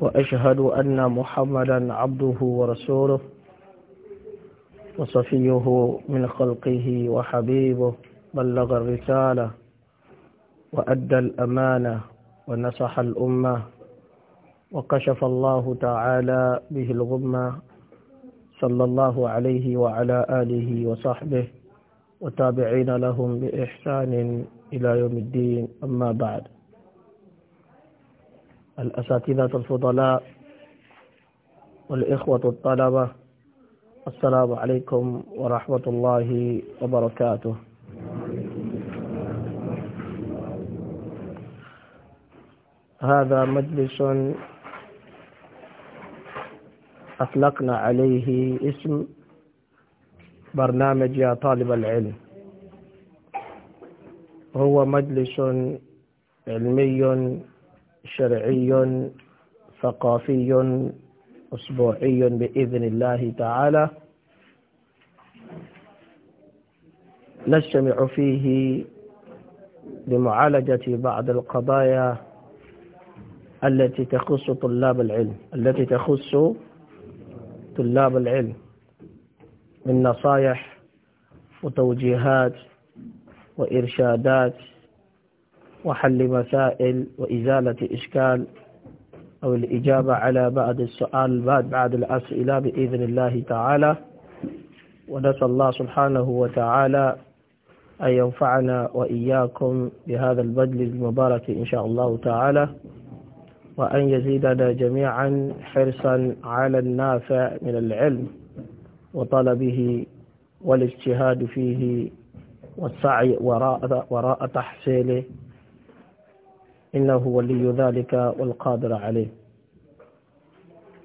وأشهد أن محمدا عبده ورسوله وصفيه من خلقه وحبيبه بلغ الرسالة وأدى الأمانة ونصح الأمة وكشف الله تعالى به الغمة صلى الله عليه وعلى آله وصحبه وتابعين لهم بإحسان إلى يوم الدين أما بعد الأساتذة الفضلاء والإخوة الطلبة السلام عليكم ورحمة الله وبركاته هذا مجلس أطلقنا عليه اسم برنامج يا طالب العلم هو مجلس علمي شرعي ثقافي أسبوعي بإذن الله تعالى نجتمع فيه لمعالجة بعض القضايا التي تخص طلاب العلم التي تخص طلاب العلم من نصايح وتوجيهات وإرشادات وحل مسائل وإزالة إشكال أو الإجابة على بعض السؤال بعد بعض الأسئلة بإذن الله تعالى ونسأل الله سبحانه وتعالى أن ينفعنا وإياكم بهذا البدل المبارك إن شاء الله تعالى وأن يزيدنا جميعا حرصا على النافع من العلم وطلبه والاجتهاد فيه والسعي وراء, وراء تحصيله إنه ولي ذلك والقادر عليه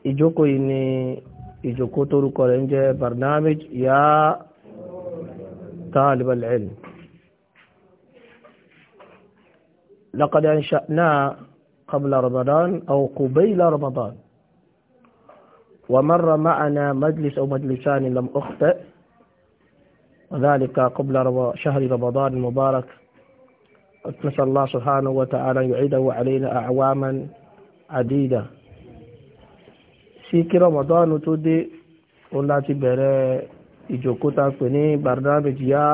إجوكو إني إجوكو تركو tórúkọ برنامج يا طالب العلم لقد أنشأنا قبل رمضان أو قبيل رمضان ومر معنا مجلس أو مجلسان لم أخطئ وذلك قبل شهر رمضان المبارك نسأل الله سبحانه وتعالى أن يعيده علينا أعواما عديدة sí kí rọmọdọ́nù tó dé òun láti bẹ̀rẹ̀ ìjòkóta pè ní barnabij yá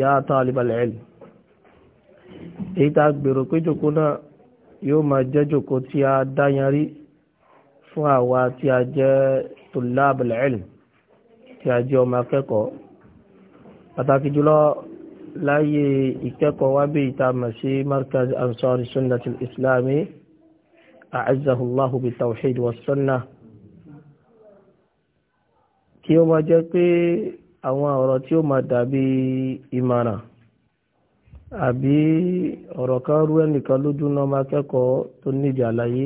yá talibal ilm èyí tá gbèrò pé jòkó náà yóò máa jẹ́ jòkó tí a dáyanrí fún àwa tí a jẹ́ tulabal ilm tí a jẹ́ ọmọ akẹ́kọ̀ọ́ pàtàkì jùlọ láyé ìkẹ́kọ̀ọ́ wá bí ìta mọ̀ sí markaz ansari sunnati islami a'azzahullahu bi tawhid wa sunnah kí ó máa jẹ́ pé àwọn ọ̀rọ̀ tí ó máa dàbí ìmọ̀ràn àbí ọ̀rọ̀ kan rú ẹnìkan lójú náà máa kẹ́kọ̀ọ́ tó níbi àlàyé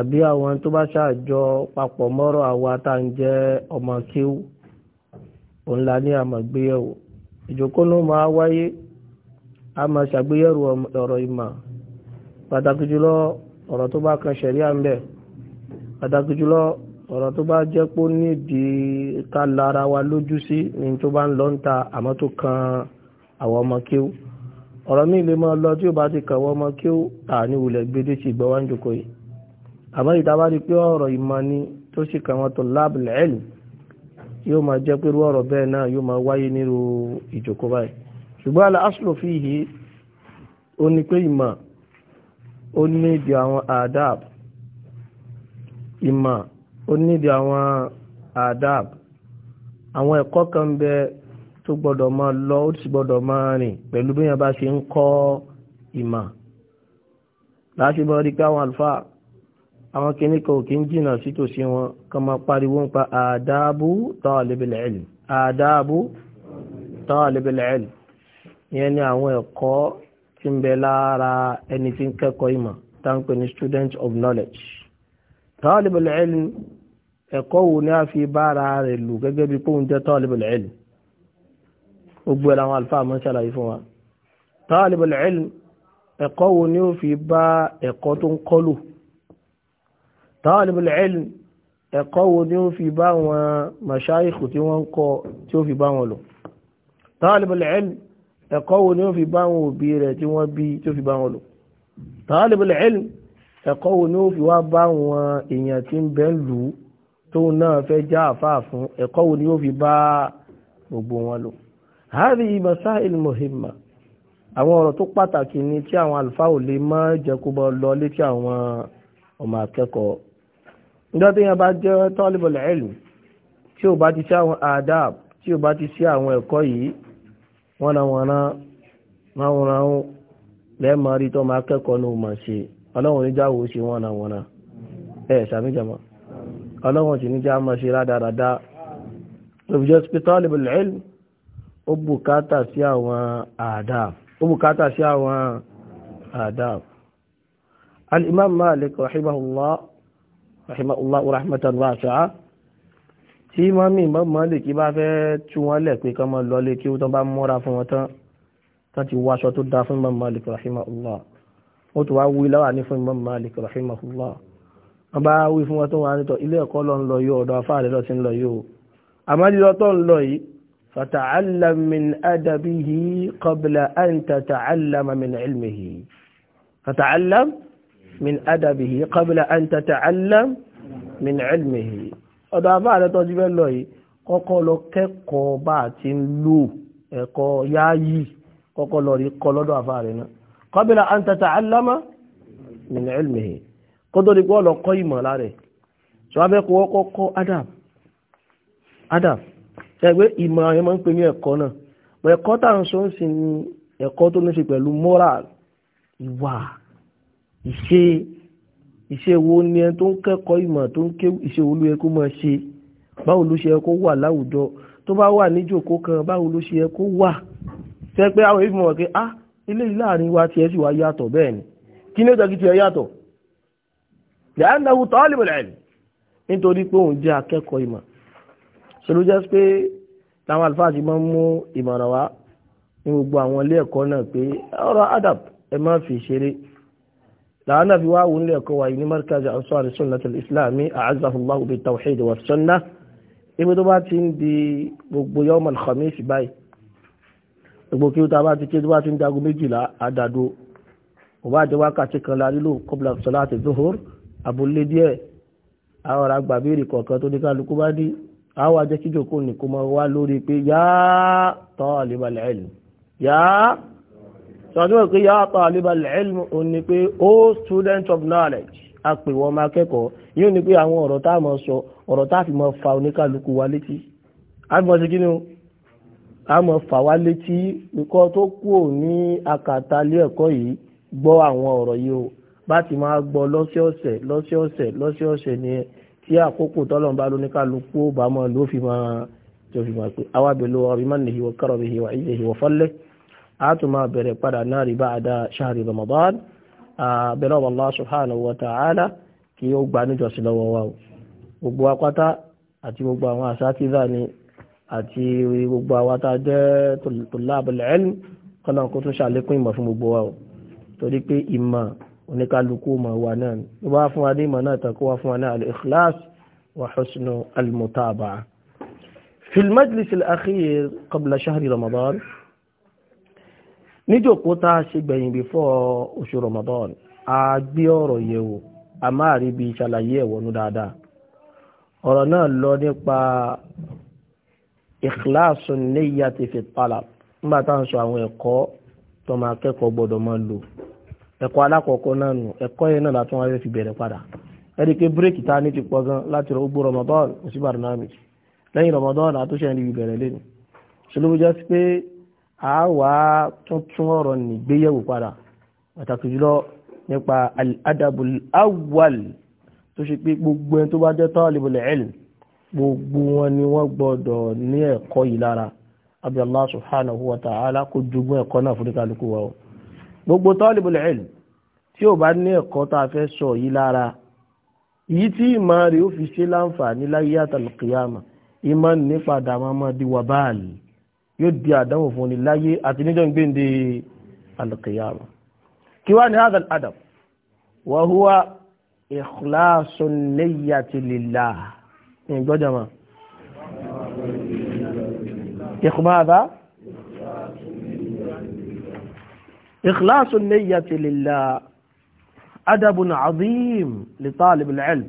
àbí àwọn tó bá ṣàjọ papọ̀ mọ́rọ̀ àwa tá ń jẹ́ ọmọ kéwú òun la ní àmọ̀gbéyẹ̀wò ìjókòó náà máa wáyé a máa ṣàgbéyẹ̀rù ọ̀rọ̀ ìmọ̀ pàtàkì jùlọ ọ̀rọ̀ tó bá kan ṣẹ̀rí à ń bẹ̀ pàtàkì jùlọ ọ̀rọ̀ tó bá jẹ́ pó nídìí ká lára wa lójú sí ní tó bá ń lọ ń ta àmọ́ tó kan àwọn ọmọ kíw ọ̀rọ̀ míì lè máa lọ tí ó bá ti kàn wọ́n ọmọ kíw àní wulẹ̀ gbédé sí ìgbọ́wájú kò yìí àmọ́ ìta bá rí pé ọ̀rọ̀ ìmọ̀ ni tó sì kàn wọ́n tó láàbùlẹ̀ ẹ̀lì yóò máa jẹ́ pé irú ọ̀rọ̀ bẹ́ẹ̀ náà yóò máa wáyé nírú ìjòkó báyìí ṣùgbọ́n àlà aslo fi yìí ó ní pé ìmọ̀ ó nídìí àwọn adab ìmọ̀ ó nídìí àwọn adab àwọn ẹ̀kọ́ kan bẹ tó gbọ́dọ̀ máa lọ ó sì gbọ́dọ̀ máa rìn pẹ̀lú bí yẹn bá ṣe ń kọ́ ìmọ̀ láti mọ́ rí pé àwọn àlùfáà àwọn kìíní kan ò kí ń jìnà sí tòsí wọn kan máa pariwo ń pa àdáàbò talibil ilm àdáàbò talibil ilm ìyẹn ni àwọn ẹ̀kọ́ tí ń bẹ lára ẹni tí ń kẹ́kọ̀ọ́ ìmọ̀ táǹpẹ̀ ní student of knowledge talibil ilm ẹ̀kọ́ wo ni a fi bára rẹ̀ lò gẹ́gẹ́ bí pé òun jẹ́ talibul ilm gbogbo ẹ̀ làwọn àlùfáà mọ́ ṣàlàyé talibul ilm ẹ̀kọ́ wo ni ó fi bá wọn màṣáìkù tí wọ́n ń kọ́ tí ó fi bá wọn lò talibul ilm ẹ̀kọ́ wo ni ó fi bá wọn òbí rẹ̀ tí wọ́n bí tí ó fi bá wọn lò talibul ilm ẹ̀kọ́ wo ni ó fi wá bá wọn èèyàn tí ń bẹ ń lù ú tóun náà fẹ́ já àfáà fún ẹ̀kọ́ wo ni ó fi bá gbogbo wọn lò hadhihi masail muhimma àwọn ọ̀rọ̀ tó pàtàkì ni tí àwọn àlùfáà ò lè má jẹ́ kó bọ́ lọ létí àwọn ọmọ akẹ́kọ̀ọ́ nígbà tí yẹn bá jẹ́ talibul ilm tí ò bá ti sí àwọn adab tí ò bá ti sí àwọn ẹ̀kọ́ yìí wọ́n na wọ́n náà wọ́n náà lẹ́ẹ̀mọ́ rí tó máa kẹ́kọ̀ọ́ ní òmà ṣe ọlọ́run ní jáwó ṣe wọ́n na wọ́n náà ẹ̀ sàmìjàmọ́ ọlọ́run sì ní já máa ṣe rádaràdá rahimahullah rahmatan wasi'a tí mọ́mí mọ́lìkì bá fẹ́ tú wọn lẹ̀ pé kán mọ́ lọlé kí wọ́n bá múra fún wọn tán tán ti wáṣọ tó dá fún mọ́mí mọ́lìkì rahimahullah wọ́n tó wá wí láwà ní fún mọ́mí mọ́lìkì rahimahullah wọ́n bá wí fún wọn tó wà nítọ̀ ilé ẹ̀kọ́ lọ ń lọ yóò ọ̀dọ̀ afáàlè lọ sí ń lọ yóò àmọ́ lílọ tó ń lọ yìí fata'allam min adabihi qabla an tata'allama min ilmihi fata'allam min adabihi qabla an tata'allam min ilmihi ọ̀dọ̀ àbá rẹ̀ tọ́jú fẹ́ lọ yìí kọ́kọ́ lọ kẹ́kọ̀ọ́ bá a ti ń lò ẹ̀kọ́ yááyì kọ́kọ́ lọ rí kọ́ lọ́dọ̀ àbá rẹ̀ náà qabla an tata'allama min ilmihi kó tó di pé ọ̀lọ́ kọ́ ìmọ̀ lára ẹ̀ tí wọ́n fẹ́ kó wọ́kọ́ kọ́ adab adab ṣẹ́gbẹ́ ìmọ̀ àwọn ọmọ ń pè ní ẹ̀kọ́ náà ẹ̀kọ́ ni ẹ̀kọ́ tó ní ṣe pẹ̀lú moral ìwà ìṣe ìṣe wo ni ẹni tó ń kẹ́kọ̀ọ́ ìmọ̀ tó ń ké ìṣe wo ló yẹ kó máa ṣe báwo ló ṣe yẹ kó wà láwùjọ tó bá wà níjòkó kan báwo ló ṣe yẹ kó wà ṣe pé àwọn èèyàn pé ah ilé yìí láàrin wa tiẹ̀ sì wá yàtọ̀ bẹ́ẹ̀ ni kí ni ó jẹ́ kí tiẹ̀ yàtọ̀ yàánnáwó talibul ilm nítorí pé òun jẹ́ akẹ́kọ̀ọ́ ìmọ̀ ṣòro jẹ́ pé táwọn àlùfáà ti máa ń mú ìmọ̀ràn wá ní gbogbo àwọn ilé ẹ̀kọ́ náà pé ọ̀rọ̀ adab ẹ má fi ṣeré لأنا في واو لكوي مركز أنصار السنة الإسلامي أعزه الله بالتوحيد والسنة ibùdóbátín di gbogbo yọmọ alhamis báyìí gbogbo kí ó ta bá ti ké tó bá ti ń dagun méjìlá àdàdo òbá jẹ wákàtí kan la nílò kọbla sọláàtì zuhur abúlé díẹ̀ àwọn ará gbàbéèrè kọ̀ọ̀kan tó ní kálukú bá dí àwọn ajẹ́ kíjòkó nìkó máa wá lórí pé yáá tọ́ àlébàlẹ̀ ẹ̀lì yáá sọ̀tún pé yá talibal ilm ò ní pé ó student of knowledge a pè wọ́n máa kẹ́kọ̀ọ́ yóò ní pé àwọn ọ̀rọ̀ tá a mọ̀ sọ ọ̀rọ̀ tá fi mọ̀ fa oníkàlùkù wa létí a kí ni o a mọ̀ fà wá létí nǹkan tó kú ò ní akàtà ilé ẹ̀kọ́ yìí gbọ́ àwọn ọ̀rọ̀ yìí o bá ti máa gbọ́ lọ́sẹ̀ọ̀sẹ̀ lọ́sẹ̀ọ̀sẹ̀ lọ́sẹ̀ọ̀sẹ̀ ni tí àkókò tọ́lọ̀ bá bá mọ̀ a tún máa bẹ̀rẹ̀ padà náà rí ba'da shahri Ramadan bẹ̀rẹ̀ Allah subhanahu wa ta'ala kí ó gbà níjọsìn lọ́wọ́ wa o gbogbo apáta àti gbogbo àwọn asatiza ni àti gbogbo àwátá jẹ́ tullabul kọ́nà kó tún ṣàlékún ìmọ̀ fún gbogbo wá níjòkó tá a ṣe gbẹ̀yìn bí fọ́ oṣù Ramadan a gbé ọ̀rọ̀ yẹ̀ o a máa rí bí ṣàlàyé ẹ̀wọ̀nú dáadáa ọ̀rọ̀ náà lọ nípa ikhlasun niyyati fi talab nígbà tá sọ àwọn ẹ̀kọ́ tó máa kẹ́kọ̀ọ́ gbọ́dọ̀ máa lò ẹ̀kọ́ alákọ̀ọ́kọ́ náà nù ẹ̀kọ́ yẹn náà látún fi bẹ̀rẹ̀ padà ẹ̀rí pé bírèkì tá a ní ti pọ̀ gan láti rọ gbogbo Ramadan lẹ́yìn Ramadan àtúnṣe ẹni bẹ̀rẹ̀ a wá tuntun ọ̀rọ̀ nígbéyẹ̀wò padà pàtàkì jùlọ nípa al-adabul awwal tó ṣe pé gbogbo ẹni tó bá jẹ́ talibul ilm gbogbo wọn ni wọ́n gbọ́dọ̀ ní ẹ̀kọ́ yìí lára abi Allah subhanahu wa ẹ̀kọ́ náà fún kálukú wa yóò di àdánwò fún ni láyé àti níjọ́ ń gbéǹde alqiyama kí wá ní adam hadal adab wa huwa ikhlasu niyyati lillah ìgbọ́jàmá ìkùmáàdá ikhlasu niyyati lillah adabun azim li talib al-ilm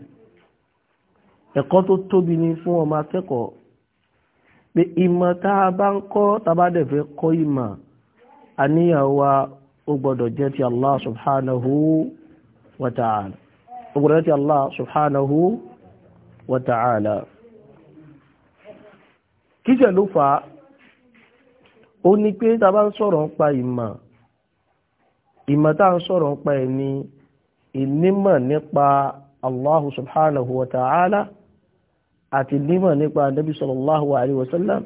ẹ̀kọ́ tó tóbi ni fún ọmọ akẹ́kọ̀ọ́ pé ìmọ̀ tá a bá ń kọ́ tàbádẹ̀ fẹ́ kọ́ ìmọ̀ àníyàn wa ó gbọ́dọ̀ jẹ́ ti Allah subhanahu wa ta'ala ó gbọ́dọ̀ jẹ́ ti Allah subhanahu wa ta'ala kíṣẹ̀ ló fà á ní pé tàbá ń sọ̀rọ̀ ń pa ìmọ̀ ìmọ̀ tá a ń sọ̀rọ̀ ń pa ẹni ìnímọ̀ nípa Allah subhanahu wa ta'ala àti nímọ̀ nípa Ànábì sallallahu alaihi wasallam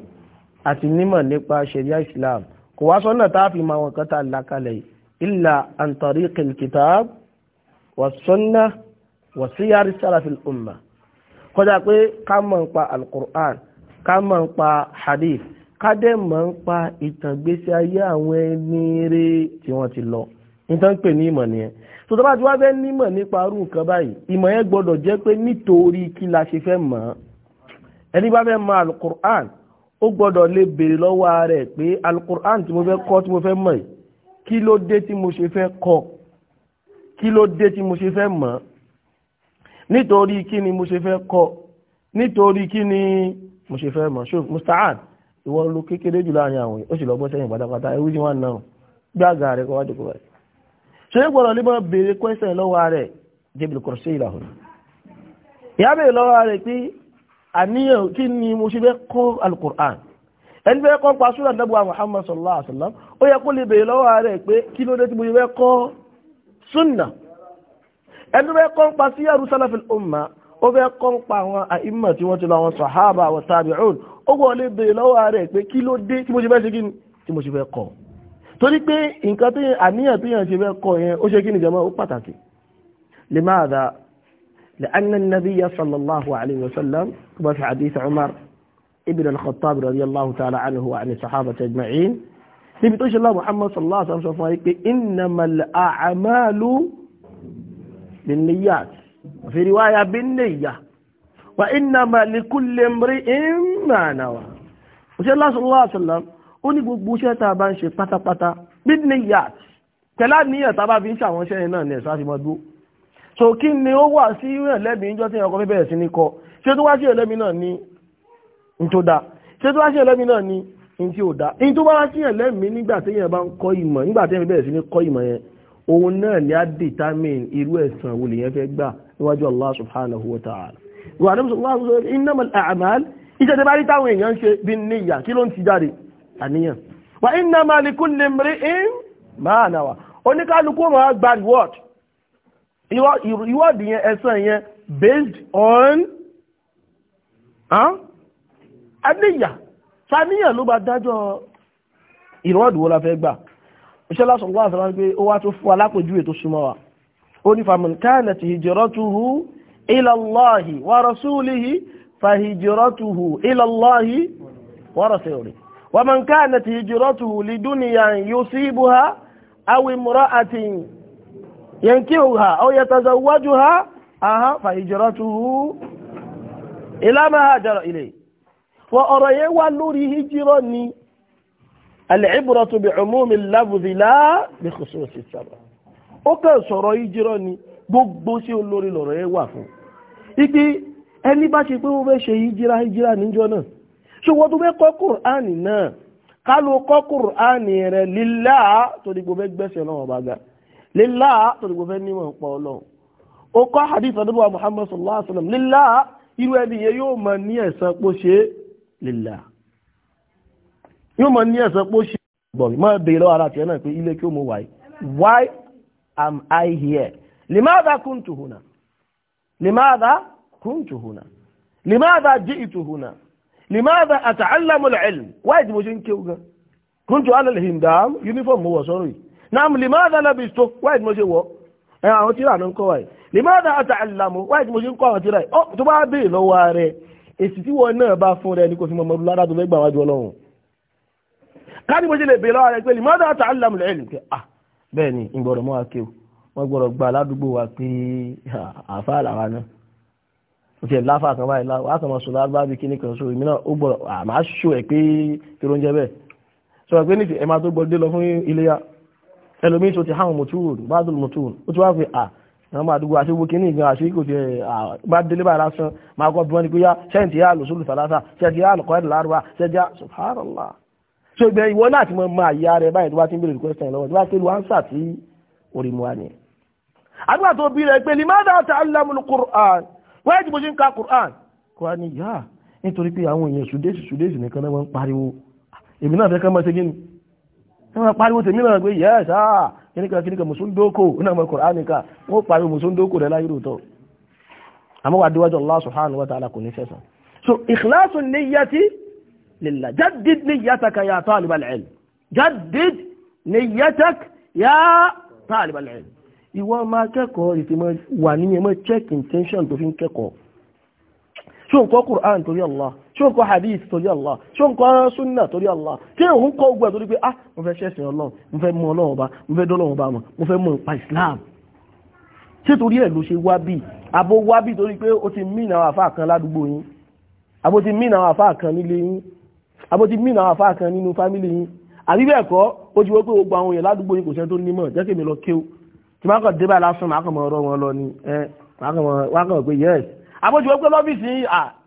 àti nímọ̀ nípa sharia islam kò wá sọ́nà tá a fi máa wọn kan tá a là kalẹ̀ illa an tariqil kitab wa sunnah wa siyar salafil umma kọjá pé ká mọ̀ ń pa al-Qur'an ká mọ̀ ń pa hadith ká dẹ̀ mọ̀ ń pa ìtàngbésí ayé àwọn ẹni rere tí wọ́n ti lọ nítorí pé ní ìmọ̀ nìyẹn tó tó bá fẹ́ nímọ̀ nípa irú nǹkan báyìí ìmọ̀ yẹn gbọ́dọ̀ jẹ́ pé nítorí kí la ṣe fẹ́ mọ̀ ọ́ ẹni bá fẹ́ mọ alukur'an ó gbọ́dọ̀ lè béèrè lọ́wọ́ rẹ̀ pé alukur'an tí mo fẹ́ kọ́ tí mo fẹ́ mọ̀ yìí kí ló dé tí mo ṣe fẹ́ kọ́ kí ló dé tí mo ṣe fẹ́ mọ̀ nítorí kí ni mo ṣe fẹ́ kọ́ nítorí kí ni mo ṣe fẹ́ mọ̀ ṣó musta'an ìwọ ló kékeré jù láàrin àwọn ó sì lọ bọ́ sẹ́yìn pátápátá ewu ni wọ́n náà gbága rẹ̀ kọ́ wájú kọ́ báyìí ṣe é gbọ́dọ̀ lè béèrè kwẹ́sẹ̀ lọ́wọ́ rẹ̀ jẹ́bi kọ̀ọ̀ṣẹ́ ìlàhùn ìyá àníyàn kí ni mo ṣe fẹ́ kọ́ alukur'an ẹni fẹ́ kọ́ pa súnà nàbùwà muhammad sallallahu alaihi wa sallam ó yẹ kó lè bèèrè lọ́wọ́ rẹ̀ pé kí ló dé tí mo ṣe fẹ́ kọ́ súnà ẹni fẹ́ kọ́ pa sí yàrá sálàfil umma ó fẹ́ kọ́ pa àwọn àìmọ̀ tí wọ́n ti lọ àwọn sàhábà àwọn tàbíùn ó wọ́n lè bèèrè lọ́wọ́ rẹ̀ pé kí ló dé tí mo ṣe fẹ́ ṣe kí ni tí mo ṣe fẹ́ kọ́ torí pé nǹkan tí àníyàn tí yàn ṣe fẹ́ kọ́ yẹn ó ṣe kí ni jẹ́mọ́ ó pàtàkì limaada لأن النبي صلى الله عليه وسلم كما في حديث عمر ابن الخطاب رضي الله تعالى عنه وعن الصحابة أجمعين níbi tó ṣe lọ́wọ́ Muhammad sallallahu alaihi wasallam fún wípé innamal a'malu binniyat fi riwaya binniyah wa innama likulli imri'in ma nawa òṣè sallallahu alaihi wasallam ó ní gbogbo iṣẹ́ tá a bá ń ṣe pátápátá binniyat tẹ́lá níyàn tá a bá fi ń ṣàwọn iṣẹ́ yẹn náà ní ẹ̀sán àfimọ́dúró so kí ni ó wà sí ìrẹ̀lẹ́bí níjọ́ tí ọkọ̀ bẹ̀rẹ̀ sí ní kọ ṣé tó wá sí ìrẹ̀lẹ́bí náà ní ní tó dáa ṣé tó wá sí ìrẹ̀lẹ́bí náà ní ní tí ò dáa ní tó bá wá sí ìrẹ̀lẹ́bí nígbà tí èèyàn bá ń kọ́ ìmọ̀ nígbà tí èèyàn bẹ̀rẹ̀ sí ní kọ́ ìmọ̀ yẹn òun náà ni á determine irú ẹ̀sán wo lèyàn fẹ́ gbà níwájú Allah subhanahu wa ta'ala wà ní sọ́lá innamal a'mal iṣẹ́ tí bá rí táwọn èèyàn ṣe bí níyà kí ló ń ti jáde àníyàn wà innamal likulli imri'in ma nawa oníkálukú máa gba reward ìwádìí yẹn ẹ̀sán yẹn based on àníyà sàníyàn ló bá dájọ́ ìrọ́dù wo la fẹ́ gbà iṣẹ́ lásán wà sọ́wọ́n pé ó wá tó fún alápòjúwe tó súnmọ́ wa ó ní faman kanat hijratuhu ila Allahi wa rasulihi فهجرته إلى الله ورسوله ومن كانت هجرته لدنيا يصيبها أو امرأة ينكحها أو يتزوجها أها فهجرته إلى ما هاجر إليه وأريه ولوري هجرني العبرة بعموم اللفظ لا بخصوص السبب ó kàn sọ̀rọ̀ ìjírọ́ ni gbogbo sí olórí lọ̀rọ̀ ẹ wà fún ipi ẹni bá ṣe pé ó fẹ́ ṣe ìjírá ìjírá níjọ́ náà ṣùgbọ́n tó fẹ́ kọ́ kùránì náà ká kọ́ kùránì rẹ̀ lílá tó dìgbò fẹ́ gbẹ̀sẹ̀ náà ọba ga lílá tó dìgbò fẹ́ nímọ̀ pọ̀ ọlọ́run ó kọ́ hadith ọdún wa muhammad sallallahu alaihi wa sallam lílá irú ẹni yẹn yóò mọ ní ẹ̀san pó ṣe lílá yóò mọ ní ẹ̀san pó ṣe gbọ̀n mọ́ bèèrè lọ́wọ́ ara tiẹ̀ náà pé ilé kí ó mú wáyé why am i here limadha kuntu huna limadha kuntu huna limadha ji'tu huna limadha ata'allamu al-ilm wáyé tí mo ṣe ń kéwù gan kuntu ala al-hindam uniform mo wọ̀ sọ́rọ̀ yìí náà lèmọ́dà lábìstó wáyé mo ṣe wo, ẹ àwọn tíra ló ń kọ́ wáyé lèmọ́dà àtàlámù wáyé mo ṣe ń kọ́ àwọn tíra yìí tó bá béè lọ́wọ́ rẹ èsì tí wọn náà bá fún rẹ ní kò fi mọ̀mọ́rú lára tó fẹ́ gbà wájú ọlọ́run káàdì mo ṣe lè béè lọ́wọ́ rẹ pé lèmọ́dà àtàlámù lẹ́yìn pé ah bẹ́ẹ̀ ni ìgbọ̀rọ̀ mọ́ akéw wọ́n gbọ́dọ̀ gba aládùúgbò wa pé àfa àlàwa náà ó ti ẹ̀ láfa kan báyìí láwa á kàn máa sọ lábá bí kíní kan so èmi náà ó gbọ́dọ̀ àmà ṣó ẹ̀ pé kí ló ń jẹ́ bẹ́ẹ̀ sọ pé ní ẹ̀ máa tó gbọ́dọ̀ dé lọ fún iléyà ẹlòmí tó ti hàn mọ̀tún bádùn mọ̀tún ó ti wá fi à àwọn àdúgbò àti owó kìíní ìgbìyàn àti ikò tí bá délé bá lásán máa kọ́ bí wọ́n ni pé yá ṣẹ́ǹtì yá lòsùlù sàlásà ṣẹ́ǹtì yá lòkọ́ ẹ̀dùn lárúbá ṣẹ́jà subhanallah so ìgbẹ́ ìwọ náà ti mọ ma àyà rẹ báyìí tó bá ti ń bèrè question lọ́wọ́ tó bá pé lu ánsà tí orí mu ni. àdúrà tó bí rẹ pé limada ta'allamul Qur'an wọ́n ti bó ṣe ń ka Qur'an Qur'an ni yá nítorí pé àwọn èèyàn sùdésì sùdésì nìkan náà wọ́n ń pariwo èmi náà fẹ́ kọ́ mọ́ ṣe gíní wọ́n pariwo tèmi náà pé yẹ́ sáà ah, kíníkà kíníkà mùsùndókò náà mọ̀ kùránìkà wọ́n pariwo mùsùndókò rẹ̀ láyé rútọ́ àmọ́wà díwájú Allah subhanahu wa ta'ala kò so ikhlasu niyyati lillah jaddid niyyataka ya talib al-ilm jaddid niyyatak ya talib al-ilm ìwọ máa kẹ́kọ̀ọ́ ìfìmọ̀ wà níyẹn mọ́ check intention tó fi ń kẹ́kọ̀ọ́ so nǹkan kùránì torí Allah tí ó ń kọ́ hadith torí Allah tí ó ń kọ́ súnà torí Allah tí òun kọ́ ogun ẹ̀ torí pé ah mo fẹ́ ṣẹ̀sìn ọlọ́run mo fẹ́ mọ ọlọ́run ọba mo fẹ́ dọ́lọ́run ọba mọ̀ mo fẹ́ mọ ìpa Islam tí torí ẹ̀ ló ṣe wá bí àbó wá bí torí pé ó ti mí àwọn àfáà kan ládùúgbò yín àbó ti mí àwọn àfáà kan nílé yín àbó ti mí àwọn àfáà kan nínú fámìlì yín àbí bẹ́ẹ̀ kọ́ ó ti wọ́n pé gbogbo àwọn èèyàn ládùúgbò yín kò sẹ́ni tó nímọ̀ jẹ́ kí èmi lọ kéw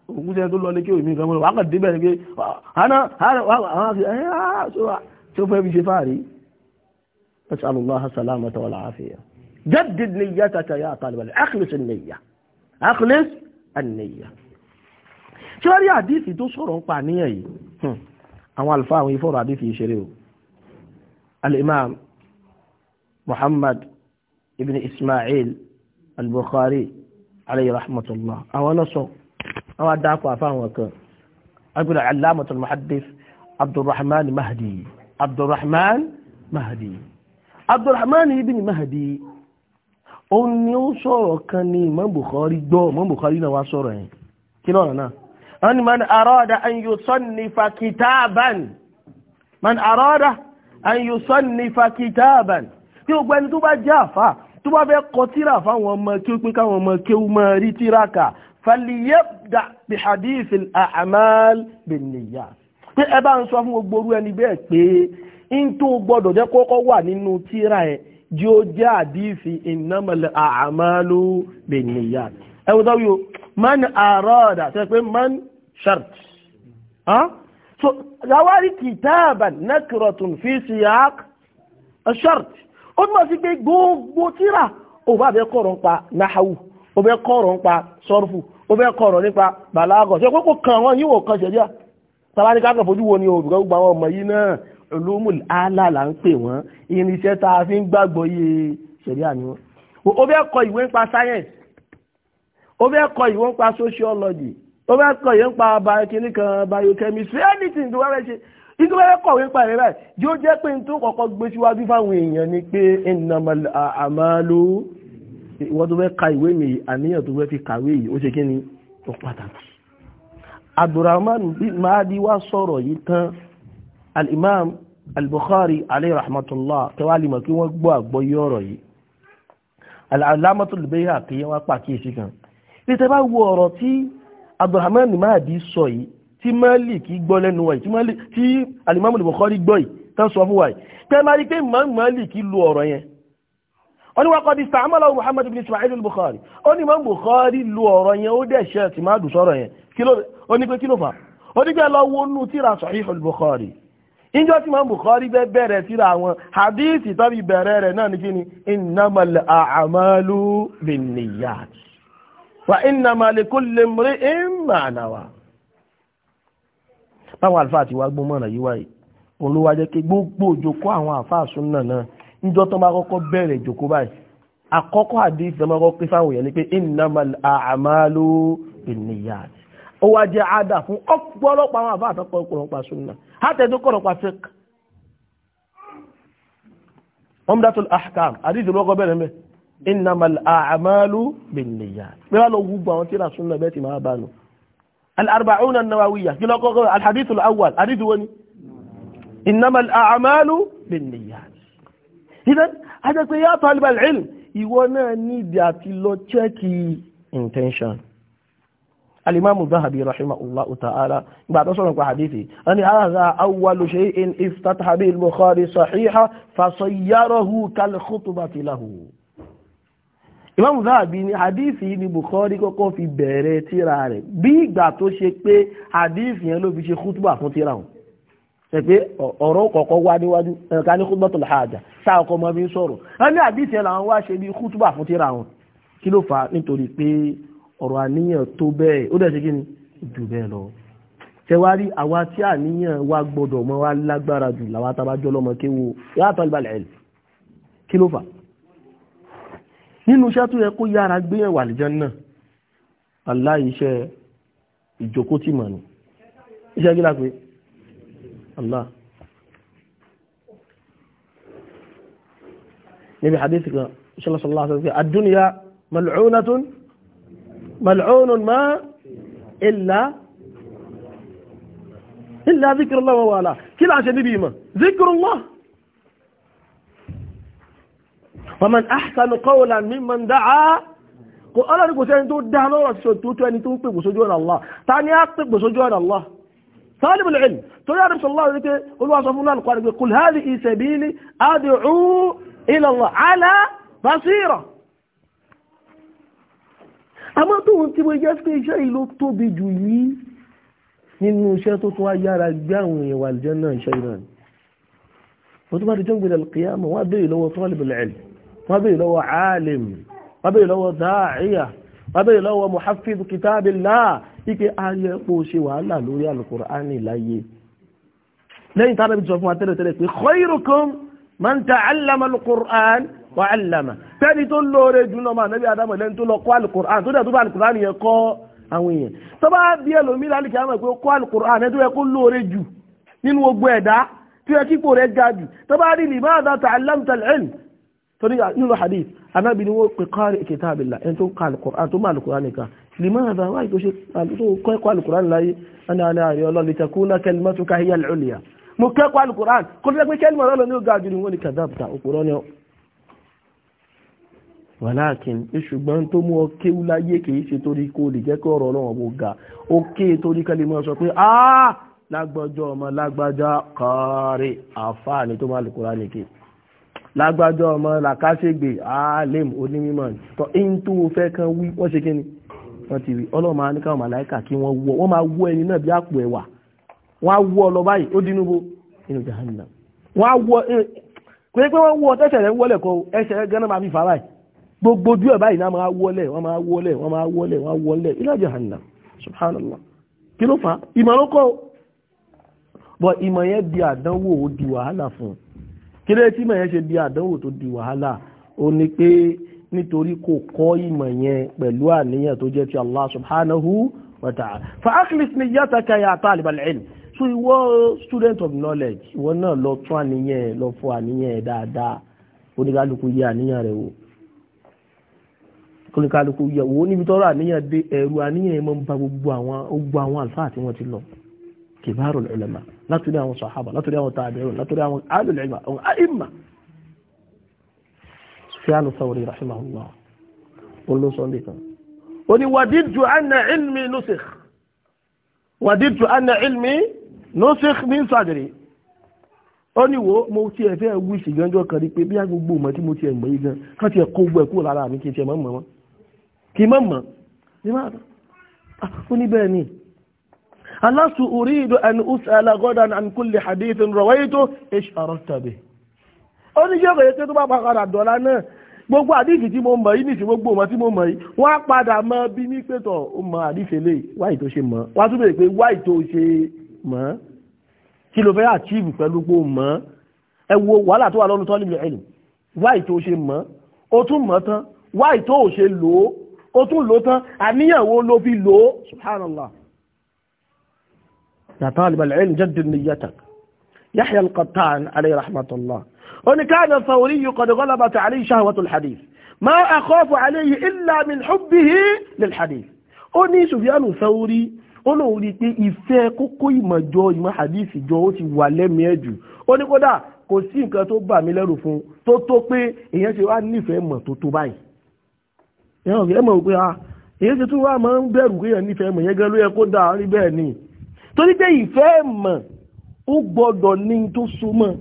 ومجھے انا ہر واقع اسال الله سلامه والعافيه جدد نيتك يا طالب العلم اخلص النيه اخلص النيه شوري حديث تو سورو ان پانی ای اوان الفا وی حديث يشريو الامام محمد ابن اسماعيل البخاري عليه رحمه الله اوان سو àwọn adákọ̀ àfáwọn kan agbèrè alamatul muhaddis abdulrahman mahdi abdulrahman mahdi abdulrahman ibn mahdi on ní ó so kan ní imam bukhari gbọ́ imam bukhari na wá sọ̀rọ̀ yẹn kí lọ́rọ̀ na an man arada an yusannifa kitaban man arada an yusannifa kitaban tí ó gbẹni tó bá jẹ́ àfà tó bá fẹ́ kọ tíra fa won mo kí ó pé ka won mo ke ó ma rí tiraka fàlìyẹ́dà bí hadith al-a'mal bin niyyat pé ẹ bá ń sọ fún gbogbo orú ẹni bẹ́ẹ̀ pé ń tó gbọ́dọ̀ jẹ́ kọ́kọ́ wà nínú tíra ẹ̀ jí ó jẹ́ àdífi innamal a'malu bin niyyat ẹwọ́n tó wíwo man arada sọ pé man shart so yàwárí kitaban nakratun fi siyaq shart ó túnmọ̀ sí pé gbogbo tíra ò bá bẹ́ kọ̀rọ̀ pa náhàwù ó fẹ́ kọ̀rọ̀ nípa sọ́rùfù ó nípa bàlágọ̀ ṣe kókó kan wọn yíwò kan ṣẹ̀díà tàbí káàkiri fojú wo ni òrùka gbogbo àwọn ọmọ yìí náà olómùl àlà ń pè wọ́n irinṣẹ́ tá a fi ń gbàgbọ́ iye ṣẹ̀díà ni wọ́n. ó kọ ìwé nípa science ó kọ ìwé nípa sociology ó kọ ìwé nípa biokini kan biochemistry anything tó wá fẹ́ ṣe ìtú wẹ́rẹ́ kọ̀wé pa ẹ̀rẹ́ báyìí yóò jẹ́ pé n tó kọ́kọ́ gbé síwájú fáwọn èèyàn ni pé innamal a'malu ìwọ́n tó fẹ́ ka ìwé mi àníyàn tó fẹ́ fi kàwé yìí ó ṣe kí ni ó pàtàkì abdulrahman mahdi wá sọ̀rọ̀ yìí tán al-imam al-bukhari alayhi rahmatullah tẹwàá lè kí wọ́n gbọ́ àgbọ́yé ọ̀rọ̀ yìí al-alamatul bayhaqi wá pàkíyèsí kan bí wọ́n ní wákọ́ di sàmọ́lá muhammad ibn ismail al-bukhari ó ní imam bukhari lu ọ̀rọ̀ yẹn ó dẹ̀ ṣe ti máa dùn sọ́rọ̀ yẹn ó ní pé kí ló fà ó ní pé lọ wo nú tíra sahih al-bukhari injọ́ tí imam bukhari bẹ́ bẹ̀rẹ̀ tíra àwọn hadithi tàbí bẹ̀rẹ̀ rẹ̀ náà ní kí ni innamal a'malu binniyat wa innama likulli imri'in ma nawa báwọn àlfáà ti wá gbọ́mọ̀nà yíwáyìí olúwa jẹ́ kí gbogbo òjòkó àwọn àfáà súnnà náà níjọ́ tó máa kọ́kọ́ bẹ̀rẹ̀ ìjòkó báyìí àkọ́kọ́ hadith tó máa kọ́kọ́ pé fáwọn èèyàn ni pé innamal a'malu binniyat ó wá jẹ́ àdà fún ọ̀pọ̀lọpọ̀ àwọn àbá àtọ́pọ̀ ọ̀pọ̀lọpọ̀ sunna hátẹ́dókọ̀rọ̀pọ̀ fẹ́k Umdatul Ahkam hadith tó kọ́kọ́ bẹ̀rẹ̀ mẹ́ innamal الأربعون النووية الحديث الأول حديث وني إنما الأعمال بالنيات ìdán ajẹ́ pé yá talibal ilm ìwọ náà níbi àti lọ chẹ́kì intention alimamu zahabi rahimahullahu ta'ala ìgbà tó sọ̀rọ̀ pa hadithi a ni haza awwalu shay'in iftataha bihi al-bukhari sahiha fasayyarahu kal-khutbati lahu ìmáàmù záàbí ni hadithi ni bukhari kọ́kọ́ fi bẹ̀rẹ̀ tíra rẹ̀ bí ìgbà tó ṣe pé hadithi yẹn ló fi ṣe khutba fún tíra hùn pé ọ̀rọ̀ kọ̀ọ̀kọ́ wá níwájú ẹ̀ka ní khutbatul haja táà ọkọ̀ mọ́ bí ń sọ̀rọ̀ wọ́n ní àdìsí ẹ̀ làwọn wá ṣe bí khutba fún tíra wọn kí ló fà á nítorí pé ọ̀rọ̀ àníyàn tó bẹ́ẹ̀ ó dẹ̀ ṣe kí ni jù bẹ́ẹ̀ lọ. ṣe àwa tí àníyàn wa gbọ́dọ̀ mọ́ wa lágbára jù làwa tá a bá jọ lọ́mọ kéwo yàtọ̀ kí ló fà. nínú iṣẹ́ tó yẹ kó yára gbé wà lìjẹ́ náà aláìṣẹ́ ìjókòó tì mọ̀ ni iṣẹ́ kí الله نبي حديثك إن شاء الله صلى الله عليه وسلم الدنيا ملعونة ملعون ما إلا إلا ذكر الله ووالاه كلا عشان نبي ما ذكر الله ومن أحسن قولا ممن دعا قال لك سيدنا دعنا رسول توتو أن تنطق سجون الله تاني أطق سجون الله طالب العلم تقول يا رسول الله قل واصف الله القرآن قل هذه سبيلي أدعو إلى الله على بصيرة أما تقول تبقى جاسك إشاي لطو بجويل إن نشاط تواجع رجاوني والجنة شيران وتبقى رجون إلى القيامة وابي لو طالب العلم وابي لو عالم وابي لو داعية وابي لو محفظ كتاب الله wípé ayẹ pé o ṣe wàhálà lórí Al-Qur'ani láyé lẹ́yìn tàbí ibi sọ fún wa tẹ́lẹ̀tẹ́lẹ̀ pé khairukum man ta'allama al-Qur'an wa 'allama tẹ́ni tó lóore jùlọ máa nẹ́bí Adamu lẹ́ni tó lọ kọ́ al tó dẹ̀ tó bá al yẹn kọ́ àwọn èèyàn tó bí ẹlòmíràn alìkí àmọ̀ pé ó kọ́ al kó lóore jù nínú gbogbo ẹ̀dá tó yẹ kíkò rẹ̀ ga jù tó bá rí limadha ta'allamta al-'ilm torí nínú hadith anábì wọ́n pè qari' kitabillah ẹni tó ń ka Al-Qur'an tó máa al nìkan لماذا وايد شيء قال القرآن لا أنا أنا أري الله لتكون كلمتك هي العليا mo kẹ́kọ̀ọ́ alukoran kò lẹ́gbẹ́ kẹ́lìmọ̀ lọ́lọ́ ní ó ga jù ní wọ́n ni kàdáàbùtà òpòrọ́ ni ọ wàláàkín ṣùgbọ́n tó mú ọ kéwú láyé kìí ṣe torí kó lè jẹ́ kí ọ̀rọ̀ náà wò ga ó ké torí kẹ́lẹ̀ mọ́ sọ pé áá lágbọ́jọ́ ọmọ lágbájá kọ́ọ̀rẹ́ àfáàní tó máa lùkúrá nìke lágbájọ́ ọmọ làkàṣègbè áálẹ́m onímọ̀ tó ń tó fẹ́ kan wí wọ́n ṣe kí ni wọ́n ti rí ọlọ́run máa ní káwọn màláìkà kí wọ́n wọ́ wọ́n máa wọ́ ẹni náà bí àpò ẹ̀wà wọ́n á wọ́ ọ lọ báyìí ó dínú bo inú jahanna wọ́n á wọ́ pé eh, pé wọ́n wọ́ tẹ́sẹ̀ rẹ̀ wọlé kọ ẹsẹ̀ rẹ̀ gánà máa fi fà báyìí gbogbo ojú ẹ̀ báyìí náà máa wọlé wọ́n máa wọlé wọ́n máa wọlé wọ́n wọlé ilá jahanna subhanallah kí ló fà ìmọ̀ ló kọ́ bọ̀ ìmọ̀ yẹn di àdánwò ó di wàhálà fún un kí ló tí ìmọ̀ yẹn ṣe di àdánwò tó di wàhálà ó ní pé nítorí kò kọ́ ìmọ̀ yẹn pẹ̀lú àníyàn tó jẹ́ ti Allah subhanahu wa ta'ala fa akhlis niyyataka ya talib ilm student of knowledge ìwọ náà lọ tún àníyàn lọ fọ àníyàn dáadáa oníkálukú yẹ àníyàn rẹ wò oníkálukú yẹ wò níbi de àníyàn dé ẹrù àníyàn yẹn máa ń ba gbogbo àwọn gbogbo àwọn àlùfáà wọn ti lọ kibarul ulama látòrí Sufyan Thawri rahimahullah olóṣọ́ndé kan ó ní wàdíjù anna ilmi nusikh wàdíjù anna ilmi nusikh min sadri ó ní wo mo ti ẹ̀ fẹ́ wí sí gánjọ́ kan rí pé bí agbègbè mọ̀ tí mo ti ẹ̀ mọ̀ yìí gan kan ti ẹ̀ kó gbọ́ ẹ̀ kúrò lára mi kì í ti ẹ̀ mọ̀ mọ̀ mọ́ kì í mọ̀ mọ̀ ní máa ah, tán ni alastu uridu an us'ala ghadan an kulli hadithin rawaytu ish arasta bihi ó ní ṣé kòye pé tó bá padà dọ̀la náà gbogbo àdìsí tí mo mọ̀ yìí nìsí gbogbo ọmọ tí mo mọ̀ yìí wọ́n á padà mọ bí ní pẹ̀tọ̀ ó mọ àdìsí eléyìí wáyì tó ṣe mọ̀ wá tún bèèrè pé wáyì tó ṣe mọ̀ kí ló fẹ́ àchíìfù pẹ̀lú pé ó mọ̀ ẹ wo wàhálà tó wà lọ́nu tọ́lú ilẹ̀ ẹ̀lù wáyì tó ṣe mọ̀ ó tún mọ̀ tán wáyì tó ṣe lò ó ó tún lò tán àníyàn wo ló fi lò ó subhanallah ya talib al-ilm jaddid niyyatak Yahya al-Qattan oníkàánà fàwọrí yìí قد غلبت tó àlẹ́ الحديث ما ma àkọ́fù àlẹ́ من حبه للحديث hubbihi lil hadith ó ní sùfíànù fàwọrí ó lóun rí pé ìfẹ́ kókó ìmọ̀jọ ìmọ̀ hadith jọ ó ti wà lẹ́mìí ẹ̀ jù ó ní kódà kò sí nǹkan tó bà mí lẹ́rù fún tó tó pé èèyàn ṣe wá nífẹ̀ẹ́ mọ̀ tó tó báyìí ah, èèyàn mọ̀ pé èyí ti tún wá máa ń bẹ̀rù kéèyàn nífẹ̀ẹ́ mọ̀ yẹn gan ló yẹ kó dáa rí bẹ́ẹ̀ ni torí pé ìfẹ́ mọ̀ ó gbọ́dọ̀ ní tó so mọ́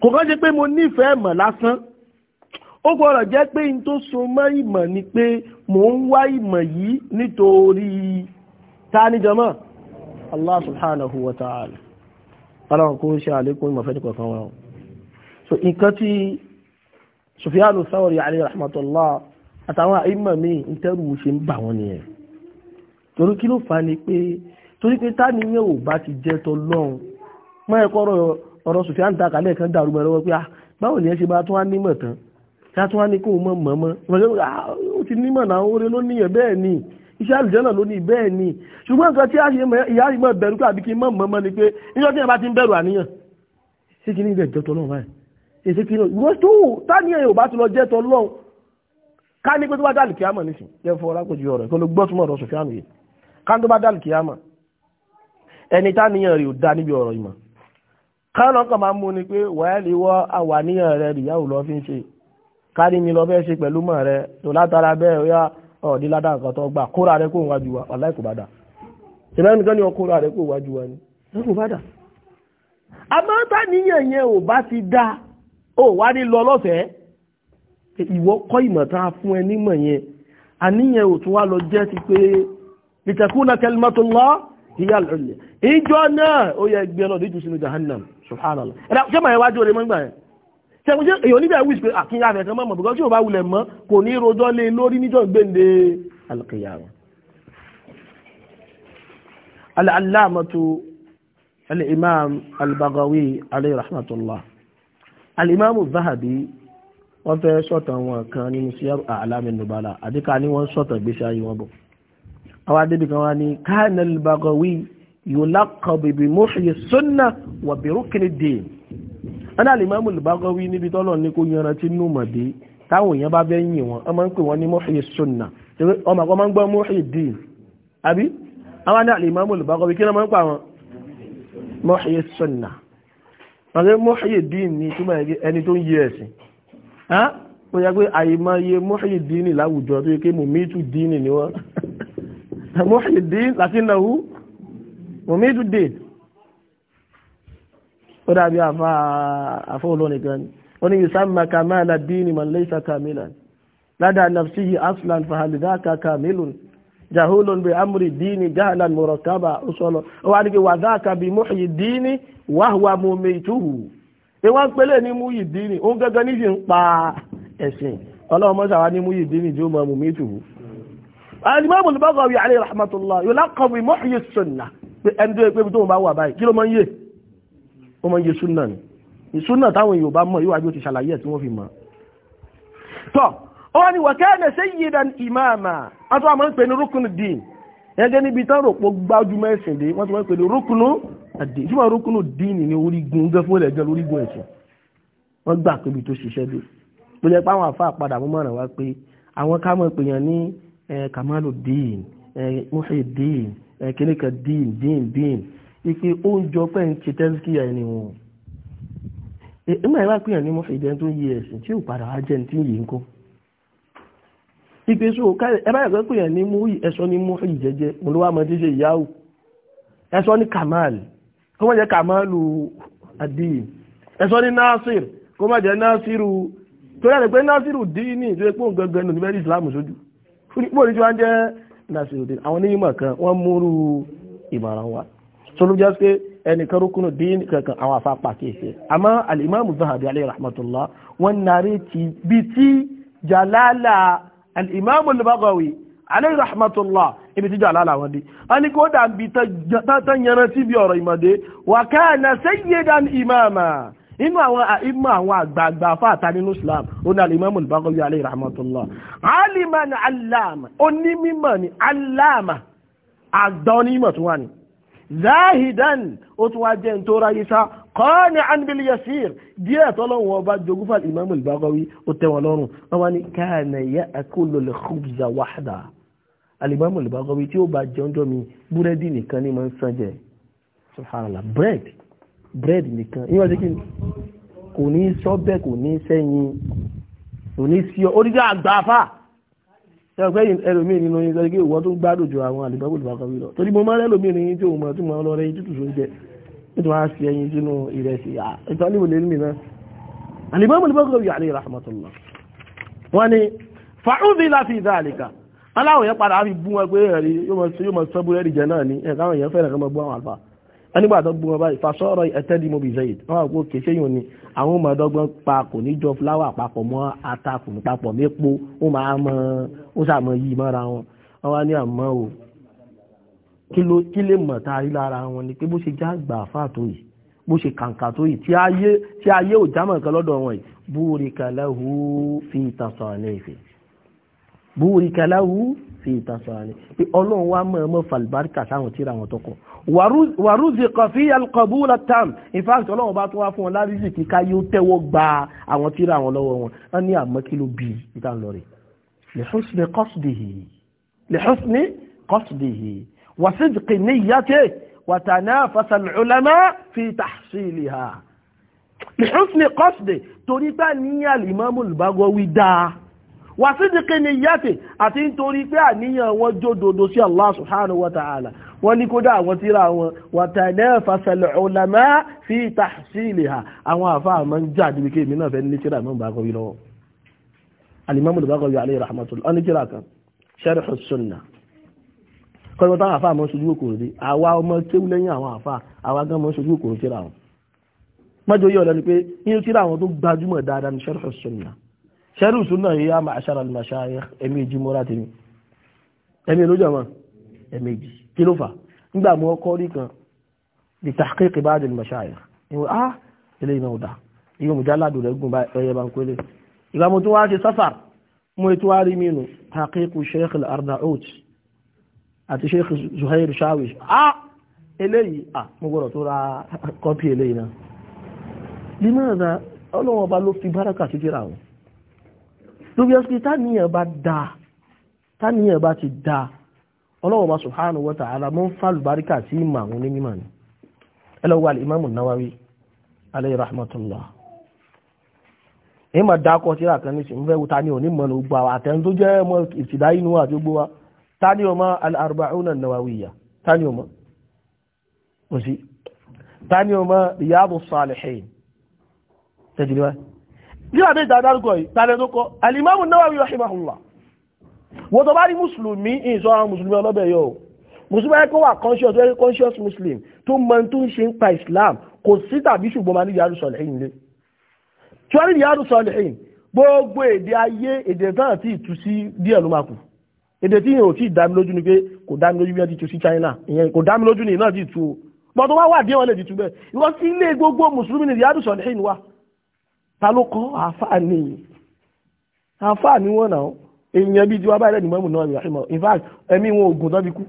kò kàn ṣe pé mo nífẹ̀ẹ́ mọ̀ lásán ó gbọ́dọ̀ jẹ́ pé n tó so mọ́ ìmọ̀ ni pé mò ń wá ìmọ̀ yìí nítorí ta ni jọmọ́ Allah subhanahu wa ta'ala aláwọn kó ń ṣe àlékún ìmọ̀ fẹ́ni kọ̀ọ̀kan wọn so nǹkan tí Sufyanu Thawri alayhi rahmatullah àtàwọn àìmọ̀ mi ń tẹ́rù ṣe ń bà wọ́n nìyẹn torí kí ló fà ni pé torí pé tá nìyẹn ò bá ti jẹ́ tọ́lọ́run mọ́ ẹ̀kọ́ rọ̀ ọ̀rọ̀ sùfíà ń ta kàlẹ́ kan dàrú mọ́ lọ́wọ́ pé ah ni ẹ ṣe bá tún wá nímọ̀ tán tí a tún wá ní kó mọ̀ mọ̀ mọ́ ah, ó ti nímọ̀ náà oore ló níyẹn bẹ́ẹ̀ ni iṣẹ́ àlùjẹ́nà ló ní bẹ́ẹ̀ ni ṣùgbọ́n nǹkan tí ìyá ìmọ̀ bẹ̀rù àbí kí mọ̀ mọ̀ ni pé níjọ́ tí yẹn bá ti ń bẹ̀rù àníyàn ṣé kí ní ilẹ̀ ìjọ tọ́lọ́ báyìí èsì kí ní ìwọ́n tó táníyàn yóò bá ti lọ jẹ́ tọ́lọ́ ká ní pé tó bá dàlù kíámà nísìn yẹn fọ ọlápòjú ọ̀rọ̀ ìkọlù gbọ́ túmọ̀ ọ̀rọ̀ sọ̀fíàmù yìí ká tó ò dá níbi ọ̀rọ̀ ìmọ̀ káwọn ọkọ̀ máa ń mú ni pé wẹ́ẹ̀lì wọ àwàníyàn rẹ ìyáwó lọ fi ń ṣe kárí mi lọ bẹ́ẹ̀ ṣe pẹ̀lú mọ̀ rẹ tó látara bẹ́ẹ̀ ó yá ọ̀dí ládàá nǹkan tó gbà kóra rẹ kó wájú wa aláìkò bá dà ìbẹ́ni kan ní ọkóra rẹ kó wájú wa ni ẹ̀kò bá dà àmọ́ táníyàn yẹn ò bá ti dá ó wá ní lọ lọ́fẹ̀ẹ́ ìwọ kọ́ ìmọ̀ tá a fún ẹ nímọ̀ yẹn àníyàn ò tún wá lọ jẹ́ ti pé litakuna kalimatullah hiya al-ulya ìjọ náà ó yẹ gbé lọ subhanallah ẹ̀dá ṣé màá wájú orí mọ́gbà yẹn ṣẹ̀kùn ṣe èyàn níbẹ̀ wíṣ pé àkínyà ah, rẹ̀ kan mọ̀ bùkọ́ tí ò bá wulẹ̀ mọ́ kò ní rojọ́ lé lórí níjọ́ gbéǹde alqiyama al-allamatu al-imam al-bagawi alayhi rahmatullah al-imam zahabi wọ́n fẹ́ sọ̀tàn wọn kan nínú siyar a'lam an-nubala àdíkà wọ́n sọ̀tàn gbéṣẹ́ wọn bọ̀ àwọn adébìkan wa ni kánà al-bagawi yòlákàbì bí mọ́ṣẹ̀yẹ sọ́nà wà bí rúkìní dè ọ́nà àlìmọ́mù lùbágọ́wí níbi tọ́lọ̀ ní kó yanrantí nù mọ̀dé táwọn èèyàn bá fẹ́ yìn wọn ọmọ ń pè wọn ní mọ́ṣẹ̀yẹ sọ́nà ọmọ àkọ́ máa ń gbọ́ mọ́ṣẹ̀yẹ dè àbí àwọn ní àlìmọ́mù lùbágọ́wí kí ni wọ́n ń pa wọn mọ́ṣẹ̀yẹ sọ́nà ọ̀rẹ́ mọ́ṣẹ̀yẹ dè ní túmọ̀ ẹni tó ń yẹ ẹ̀sìn ó yẹ pé àìmọye mọ́ṣẹ̀yẹ dè ní láwùjọ tó yẹ pé mọ̀mí tù dè ní wọn mọ́ṣẹ̀yẹ dè láti náwó Mumiduddin ó dàbí àfọ́ olórin gan ni ó ní yusamma kamala dini man laysa kamilan lada nafsihi aslan fahalizaka kamilun jahulun bi amri dini jahlan murakaba usolo ó wá ní kí wàzáka bi muhyi dini wahwa mumituhu ìwọ́n pẹ̀lẹ́ ní muhyi dini òun gẹ́gẹ́ ní fi ń pa ẹ̀sìn ọlọ́run mọ́sá wa ní muhyi dini tí ó mọ mumituhu al-Baghawi alayhi rahmatullah yulaqabu muhyi sunnah pé ẹni tó yẹ pé tóun bá wà báyìí kí ló máa ń yè ó máa ń yè súnà ni ìsúnà táwọn èèyàn bá mọ̀ yóò wájú ti ṣàlàyé ẹ̀ tí wọ́n fi mọ̀ tọ́ ó ní wàkẹ́ẹ̀nẹ̀ sayyidan ìmáàmà wọ́n tún wà máa ń pè ní rúkùnù dín ẹgẹ́ níbi tán rò pọ̀ gbájúmọ́ ẹ̀sìn dé wọ́n tún wọ́n pè ní rúkùnù àdín tí wọ́n rúkùnù dín ní orígun gẹ́fún ilẹ̀ gan orígun ẹ̀sìn wọ́n gbà pé ibi tó ṣiṣẹ́ dé tó jẹ́ pé àwọn àfa àpadà mú mọ̀ràn wá pé àwọn ká mọ̀ pèèyàn ní kamalu dín muhyiddin Eh, kíní kan dín dín dín ipe oúnjẹ pẹ́ ń ṣe tẹ́síkìyà ẹni wọn e, nígbà yẹn bá pè yàn ní mọ́fìdẹ́ tó yí ẹ̀sìn tí ò padà wá jẹ́ ní tí yìí ń kọ́ ipe so ẹ bá yàgbẹ́ pè yàn ní mú ẹ̀sọ́ ní mọ́fìdì jẹ́jẹ́ mo ló wá mọ tí ṣe ìyáwó ẹ̀sọ́ ní kamal kó má jẹ́ kamalu adin ẹ̀sọ́ ní nasir kó má jẹ́ nasiru torí àti pé nasiru dín ní ìjọ epo gangan ní onímẹ́rì islam sójú fún ipò oníjọ́ á jẹ́ Nasiruddin àwọn onímọ̀ kan wọ́n múrú ìmọ̀ràn wa tó ló jásí pé ẹnìkan rúkúnù dín kankan àwọn afá pàkíyèsí àmọ́ alìmáàmù Zahabi alayhi rahmatullah wọ́n narí ti bí tí jalala alìmáàmù al alayhi rahmatullah ibi tí jalala wọn dé a ní kó dà bí tán yanrantí bí ọ̀rọ̀ ìmọ̀dé wa kana sayyidan imama inú àwọn àìmọ̀ àwọn àgbààgbà fáàtà nínú islam ó ní alìmọ́mù al-Baghawi alayhi rahmatullah alìmọ̀ ni aláàmà onímọ̀ ni aláàmà àgbọ́nímọ̀ tó wà ní zahidan ó tún wá jẹ́ tó ráyé sá qani'an bil yasir díẹ̀ tọ́lọ́wọ́ bá jogún fún alìmọ́mù al-Baghawi ó tẹ́wọn lọ́rùn wọ́n ní kana ya'kulu al-khubza wahda alìmọ́mù al-Baghawi tí ó bá jẹun jọ mi búrẹ́dì nìkan ní mọ́ ń sánjẹ subhanallah bread bread nìkan yíwọ́n sí kí ni kò ní sọ́bẹ̀ kò ní sẹ́yìn kò ní sí ọ orí àgbàfà ẹgbẹ́ ẹlòmíì nínú yín sọ́dọ̀ kí ìwọ́n tó ń gbádùn ju àwọn àlùbáwò lùbákan wí lọ torí mo máa ń ẹlòmíì nínú yín tí òun mọ̀ tí mo lọ rẹ yín tútù sóúnjẹ nítorí wọn á fi ẹyin sínú ìrẹsì ìtọ́lé wò lélẹ́mì náà àlùbáwò lùbákan wí àlè rahmatullah wọn ni fàáúbí láti ìdáàlìkà aláwọ̀ yẹn padà á fi bú wọn pé ẹ̀rí yóò mọ̀ sọ́bù ẹ̀rí jẹ náà ní ẹ̀káwọn yẹn fẹ́ràn kan mọ̀ bú àwọn àlùfáà anígbàtọ́ gbogbo ọba ìfàsọ́rọ̀ ẹ̀tẹ́dìmọ̀ bí Zaid wọ́n àgbò kèṣe yìí ni àwọn ọmọ pa kò ní jọ fúláwà papọ̀ mọ́ atakùn papọ̀ mépo ó máa mọ ó sàmọ yìí mọ́ra wọn wọ́n wá ní àmọ́ o kí ló kí lè mọ̀ tá a rí lára wọn ni pé bó ṣe já gbà àfáà tó yìí bó ṣe kàǹkà tó yìí tí ayé ò jámọ̀ nǹkan lọ́dọ̀ wọn yìí búrikà lahu fi tasanifi búrika lahu fi ìtàsọ̀rọ̀ pé ọlọ́run wá mọ̀ ọmọ falibarika sáwọn tíra wọn tọkọ wàrúzìkọ̀ fi alkọ̀búlà tam in fact ọlọ́run bá tún wá fún wọn láríṣì kíká yóò tẹ́wọ́ gba àwọn tíra wọn lọ́wọ́ wọn wọ́n ní àmọ́ kí ló bí ìta lọ rẹ̀ lẹ́húsùnì kọ́sùdìhì wàsídìkì ní ìyàtẹ̀ wàtàná fasalùlámà fi tàṣílì ha lẹ́húsùnì kọ́sùdì torí bá ní àlìmọ́mù lùbágọ́wí wàsídìkì ni yàtì àti nítorí pé àníyàn wọn jódodo sí Allah subhanahu wa ta'ala wọ́n ní kódà àwọn tíra wọn watanafasal ulama fi tahsiliha àwọn àfáà máa ń jà níbi kéèmí náà fẹ́ ní tíra mọ́ bá kọ́wí lọ́wọ́ al-imam al alayhi rahmatullah ọ́n ní tíra kan sharh as-sunnah táwọn àfáà mọ́ sojú òkòrò dé àwa ọmọ kéwú lẹ́yìn àwọn àfáà àwa gan mọ́ sojú òkòrò tíra wọn mọ́jọ yọ̀ lẹ́nu pé yín tíra wọn tó gbajúmọ̀ dáadáa ní sharh as ṣẹ́rù súnà yìí á máa ṣára lùmọ̀ ṣáyẹ ẹ̀mẹ́jì mọ́ra tèmi ẹ̀mẹ́ ló jọmọ́ ẹ̀mẹ́jì kí ló fà nígbà mọ́ ọkọ́ rí kan lè tàkìkì bá dì lùmọ̀ ṣáyẹ ìwọ̀n á ilé iná ọ̀dà ìyọ̀mù jáládù rẹ̀ gùn ẹyẹ bá ń pélé ìgbà mo tún wá ṣe sáfà mo tún wá rí mínú tàkìkù sheikh al-arnaut àti sheikh zuhair shawish á ah, eléyìí à ah, mo gbọ́dọ̀ tó ra kọ́pì eléyìí náà bí náà ọlọ́wọ́n ọba ló fi báràkà títí ra àwọn lóbíọ́sí táníyàn bá dáa táníyàn bá ti dáa ọlọ́wọ́ bá subhanahu wa ta'ala mọ́ fàlùbáríkà sí ìmọ̀ àwọn onímọ̀ ni ẹlọ́wọ́ alìmọ́mù náwáwí alayhi rahmatullah ìmọ̀ dákọ̀ tí ra kan ní sí ń fẹ́wù táníyàn onímọ̀ ló gbà àtẹ́n tó jẹ́ ọmọ ìtìdá inú àti gbówá táníyàn mọ́ al-arba'una nígbà bí ìta dárúkọ yìí tààrẹ tó kọ alimamu Nawawi rahimahullah wọ́n tó bá rí mùsùlùmí ìṣọ́ àwọn mùsùlùmí ọlọ́bẹ̀ yọ mùsùlùmí ẹ̀kọ́ wà conscious very conscious muslim tó mọ tó ń ṣe ń pa islam kò sí tàbí ṣùgbọ́n máa ní yàrá sọ̀lẹ́yìn lé tí wọ́n rí yàrá sọ̀lẹ́yìn gbogbo èdè ayé èdè náà ti tú sí díẹ̀ ló máa kù èdè tí yìnyín ò tí dámi lójú ni pé kò dámi lójú yẹn ti tú sí China ta ló kọ́ àáfàá ni àáfàá ni wọ́n náà èèyàn bíi tiwa báyìí lẹ́nu mọ́mù náà ìrìnàmọ́ in fact ẹ̀mí wọn ògùn tó fi kú.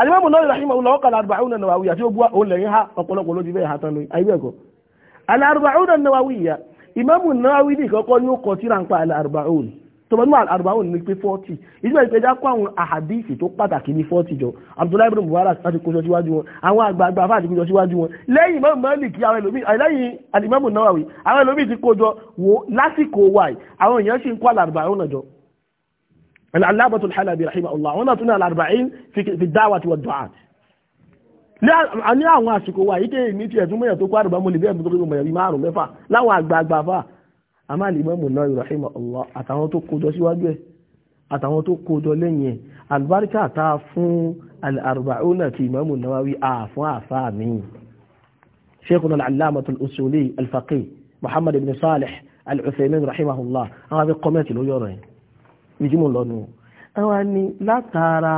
alimọ́mù náà ìrìnàmọ́ ọ̀nà ọ̀kàlà àrùbáwùn nàwáwíyà tí ó búwa òun lẹ́yìn ha ọ̀pọ̀lọpọ̀ ló ti bẹ́ẹ̀ ha tán lóyún ayé ẹ̀kọ́. alárùbáwùn nàwáwíyà ìmọ́mù náà wí ní ìkọ́kọ́ ní ó kọ tíra ń pa alárùbáwùn tọba ní àrùbáwò ní pé 40 ìjọba ìpẹjá kó àwọn àhàdíìsì tó pàtàkì ní 40 jọ Abdullahi ibn Mubarak láti kójọ síwájú wọn àwọn àgbààgbà fáà ti kójọ síwájú wọn lẹ́yìn Imam Malik àwọn ẹlòmíì lẹ́yìn Al-Imam Nawawi àwọn ẹlòmíì ti kójọ wò lásìkò wà àwọn èèyàn sì ń kó àlàrùbáwò náà jọ Al-Allama Al-Halabi rahimahullah àwọn náà tún ní àlàrùbáwò fi da'wati wa du'at ní àwọn àsìkò wà yìí tẹ́ èmi tiẹ̀ tún mẹ́yàn tó kó àrùbá mo lè bẹ́ẹ̀ mú tó kó mẹ́yàn márùn-ún mẹ́fà láwọn àgbààgbà fáà amáàlì mọ́mù náà ìrọ̀hìmọ̀ Allah àtàwọn tó kójọ síwájú ẹ̀ àtàwọn tó kójọ lẹ́yìn ẹ̀ àlùbáríkà tá a fún al-arba'una ti Imamu Nawawi àfún àfá mi Sheikhuna al-Allamatul Usuli al-Faqih Muhammad ibn Salih al-Uthaymin rahimahullah àwọn abẹ́ kọ́mẹ́tì ló yọ̀rọ̀ yìí ìjímọ̀ lọ́nu àwọn ni látara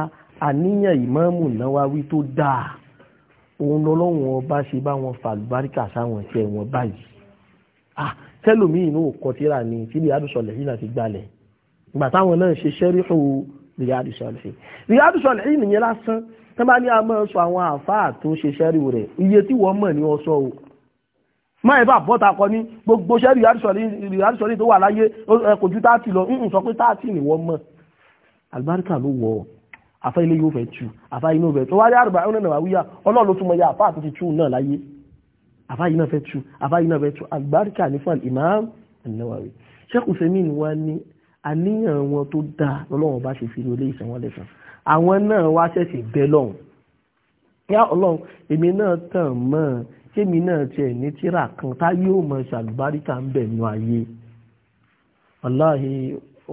àníyàn tẹ́lùmí inú kọtíra ni tí Riyadu Salihin náà ti gbalẹ̀ ìgbà táwọn náà ṣe ṣẹ́ríhù Riyadu Salihin Riyadu Salihin nìyẹn lásán tán bá ní a máa sọ àwọn àfáà tó ṣe ṣẹ́ríhù rẹ̀ iye tí wọ́n mọ̀ ní ọsọ o máa ẹ̀ bá bọ́ta kọ ní gbogbo ṣẹ́rí Riyadu Salihin tó wà láyé kò ju táàtì lọ ń sọ pé táàtì ni wọ́n mọ̀ àlùbáríkà ló wọ̀ ọ́ afá ilé yóò fẹ́ tu afá inú fẹ́ tó wáyé àrùbá ọ̀nà náà wíyà àfáyí náà fẹ́ tú àfáyí náà fẹ́ tú àgbáríkà ní fún Imam An-Nawawi Sheikh Uthaymeen wa ní àníyàn wọn tó dáa lọ́lọ́wọ́n bá ṣe fi ní olé ìṣẹ̀wọ́n lẹ́sàn àwọn náà wá ṣẹ̀ṣẹ̀ bẹ́ lọ́hùn yá ọlọ́run èmi náà tàn mọ́ kémi náà tiẹ̀ ní tíra kan tá yóò mọ ṣàlùbáríkà ń bẹ̀ nù ayé wàláhì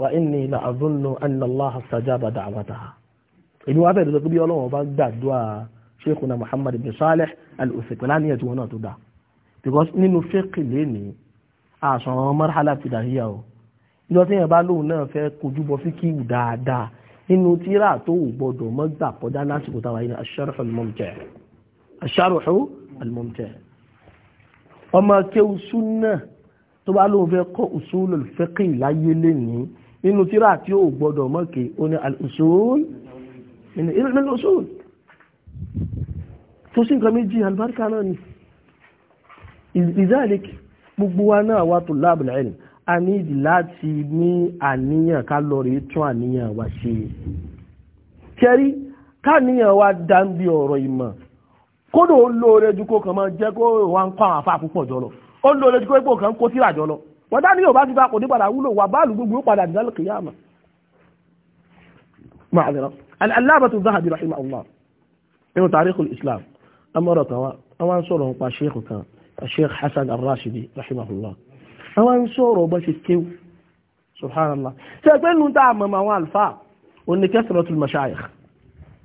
wa inni la azunnu anna Allah sajaba da'wataha èmi wá bẹ̀rẹ̀ lọ bí ọlọ́run bá gbàdúrà Sheikhuna Muhammad bin Salih al-Uthiqlani ní náà tó dá because nínú fẹ́kì lẹ́ni àṣàn marhala fìdáhíyà o ìjọ tí yẹn bá lóun náà fẹ́ kojú bọ fíkìwù dáadáa nínú tíra tó ò gbọdọ̀ mọ́ gbà kọjá lásìkò táwa yìí ash-sharh al-mumti' ash-sharh al-mumti' ọmọ kéwù súnà tó bá lóun fẹ́ kọ́ usul al láyé lẹ́ni nínú tíra tí ò gbọdọ̀ mọ́ ké ó ní al nínú usul kò sí nǹkan méjì albarka náà ni ìzáàlìk gbogbo wa náà wà tó láàbù láìlì a nídi láti ní àníyàn ká lọ rí tún àníyàn wa ṣe kẹrí káníyàn wa dáńbí ọ̀rọ̀ ìmọ̀ kódò ó lóore ju kó kàn máa jẹ́ kó wá ń kọ́ àwọn afá púpọ̀ jọ lọ ó lóore ju kó ipò kan kó síra jọ lọ wọ́n dání yóò bá ti bá kò ní padà wúlò wà báàlù gbogbo ó padà dálé kìyàmà. Ma'adara, al-Allama Zahabi rahimahullah, inú Tarikhul Islam, amọ́rọ̀ kan wá àwọn ń sọ̀rọ̀ nípa sheikh kan sheikh hasan al-rashidi rahimahullah àwọn ń sọ̀rọ̀ bá ṣe kéwù subhanallah ṣe pé nu tá a mọ̀ àwọn alfa oníkẹ́sọ̀rọ̀tul mashayikh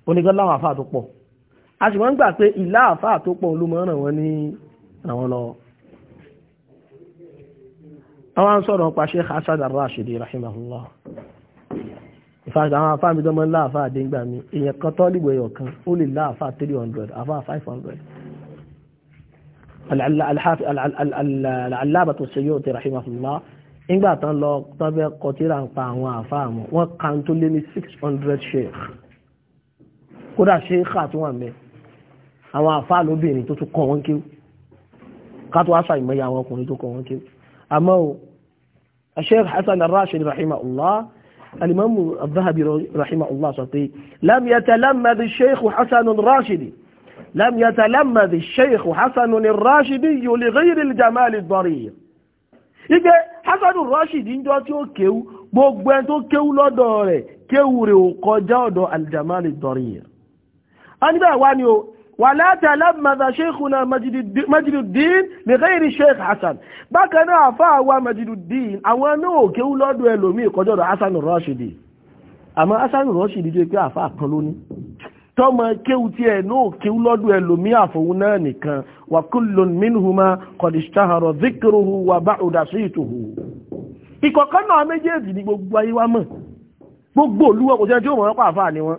oníkẹ́láwọn afa tó pọ̀ a sì wọ́n gbà pé ìlà afa tó pọ̀ ló mọ̀ ràn àwọn lọ ìfàṣà àwọn afá mi tó máa ń láàfá àdéǹgbà mi èèyàn kan tọ́lìbù ẹyọ kan ó lè láàfá 300 àfá 500 aláàbàtò ṣeyí òtè rahimahullah nígbà tán lọ tọ́bẹ̀ kọtíra ń pa àwọn àfá àmọ́ wọ́n kan tó lé ní 600 sheikh kódà sheikh àti wọn mẹ́ àwọn àfá lóbìnrin tó tún kọ́ wọn kí kátó wá sàìmọ́yà àwọn ọkùnrin tó kọ́ wọn kí àmọ́ sheikh hasan al rahimahullah alimamu abdahabi rahimahullah sọ pé lam yatalammadhi sheikh hasan rashidi lam yatalammadhi sheikh hasan rashidi yìí li ghayri jamali dọ̀rì igbe hasan rashidi ń jọ tí ó kéwú gbogbo ẹni tó kéwú lọ́dọ̀ rẹ̀ kéwú rẹ̀ ò kọjá ọ̀dọ̀ aljamali dọ̀rì a níbẹ̀ wá ni o ولا تلمذ شيخنا مجد الدين بغير الشيخ حسن bákan náà àfáà wa مجد الدين àwọn náà kéwú lọ́dọ̀ ẹlòmíì kọjọ́ rẹ̀ Hasan Rashidi àmọ́ Hasan Rashidi jẹ́ pé àfáà kan lóní tọ́mọ kéwú tí ẹ̀ náà kéwú lọ́dọ̀ ẹlòmíì àfọwọ́ náà nìkan wa kullun minhuma qad ishtahara dhikruhu wa ba'uda situhu náà méjèèjì ni gbogbo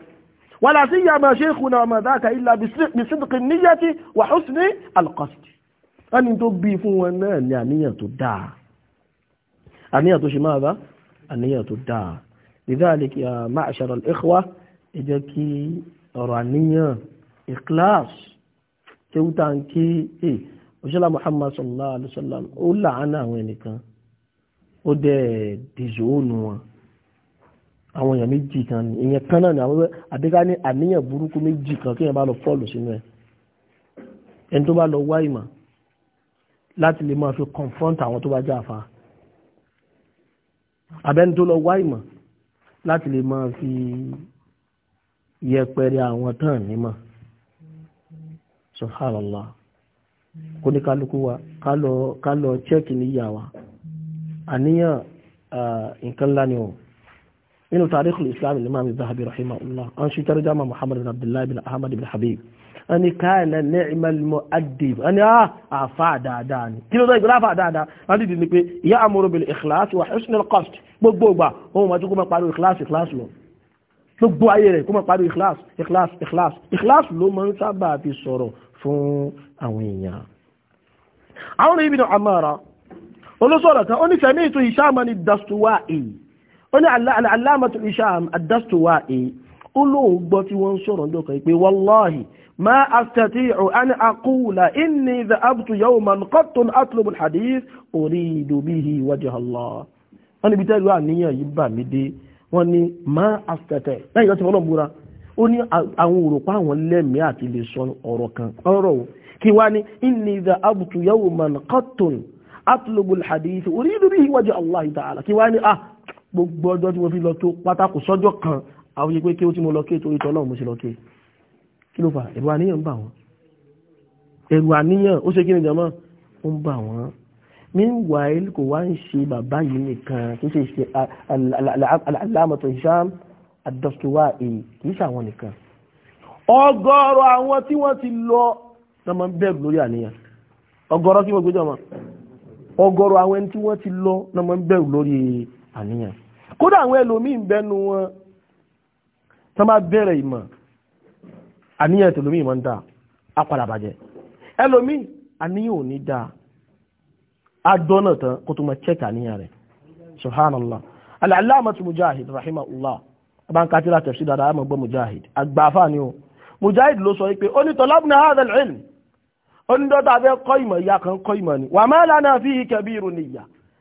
ولا سيما شيخنا ما ذاك إلا بصدق النية وحسن القصد أن تبي فوانا نيه الدعاء النية تشي ماذا؟ النية الدعاء لذلك يا معشر الإخوة إذا كي رانية إخلاص tewutan اي ẹ محمد صلى الله عليه وسلم ولا làánà وينك ودي ó àwọn èèyàn méjì kan ni èèyàn kan náà ni àwọn àbíká ní àníyàn burúkú méjì kan kí èèyàn bá lọ fọ́ọ̀lù sínú ẹ̀ ẹni tó bá lọ wá ìmọ̀ láti lè máa fi confront àwọn tó bá jẹ́ àfa abẹ́ni tó lọ wá ìmọ̀ láti lè máa fi yẹpẹrẹ àwọn tán nímọ̀ subhanallah kó ní kálukú wa ká lọ chẹ́kì níyà wa àníyàn ah, nǹkan ńlá ni o nínú tarikh islam imam zahabi rahimahullah an shi tarjama muhammad bin abdullah bin ahmad bin habib an ni kana ni'mal mu'addib an ya afa ah, dáadáa ni kí ló sọ ìgbìlá afa dáadáa an dìdì ni pé ya'muru bil ikhlas wa husn al qasd gbogbo ìgbà ohun mọ̀tí kó máa parí ikhlas ikhlas lọ gbogbo ayé rẹ̀ kó máa parí ikhlas ikhlas ikhlas ikhlas ló máa ń sábà fi sọ̀rọ̀ fún àwọn èèyàn àwọn ibn amara olóṣọ̀rọ̀ kan ó ní sami'tu hisham ni dastuwa'i ó ní aláàmàtò isham ad-Dastuwa'i ó lóun gbọ́ tí wọ́n ń sọ̀rọ̀ ǹdọ́ kan pé wallahi ma astati'u an aqula inni dhahabtu yawman qattun atlubu al-hadith uridu bihi wajha Allah wọ́n níbi tẹ́lú àníyàn yìí bà mí dé wọ́n ní ma astati' lẹ́yìn lọ́sí fọ́nà búra ó ní àwọn òròpá àwọn lẹ́mìí àti lè sọ ọ̀rọ̀ kan ọ̀rọ̀ kí wá ní inni dhahabtu yawman qattun atlubu al-hadith uridu bihi wajha Allah ta'ala gbogbo ọjọ́ tí mo fi lọ tó pátákù sọ́jọ́ kan àwọn yẹ pé kí ó tí mo lọ kéètò ìtọ́ náà mo sì lọ ké kí ló fà ẹ̀rù àníyàn ń bà wọ́n ẹ̀rù àníyàn ó ṣe kí ni jọmọ́ ó ń bà wọ́n meanwhile kò wá ń ṣe bàbá yìí nìkan kì í ṣe ṣe alámọ̀tò Hisham adọ́sùwà èyí kì í ṣe àwọn nìkan ọgọ́rọ̀ àwọn tí wọ́n ti lọ lọ́mọ bẹ́ẹ̀rù lórí àníyàn ọgọ́rọ̀ kí wọ́n gbé jọmọ ọgọ́rọ̀ àwọn tí wọ́n ti lọ lọ́mọ bẹ́ẹ̀rù lórí àníyàn àníyàn kódà àwọn ẹlòmíì ń bẹnu wọn tó bá bẹ̀rẹ̀ ìmọ̀ àníyàn tẹlòmíì mọ́ ń dà á padà bàjẹ́ ẹlòmíì àníyàn ò ní dáa á dọ́nà tán kó tó máa check àníyàn rẹ̀ subhanallah al-allamatu mujahid rahimahullah abáńkátìlá tafsir dáadáa mọ̀ gbọ́ mujahid àgbàfà ni o mujahid ló sọ wípé ó ní talabna hadha al-ilm ó ní dọ́tà abẹ́ kọ́ ìmọ̀ ìyá kan kọ́ ìmọ̀ ni wa ma lana fihi kabirun niyya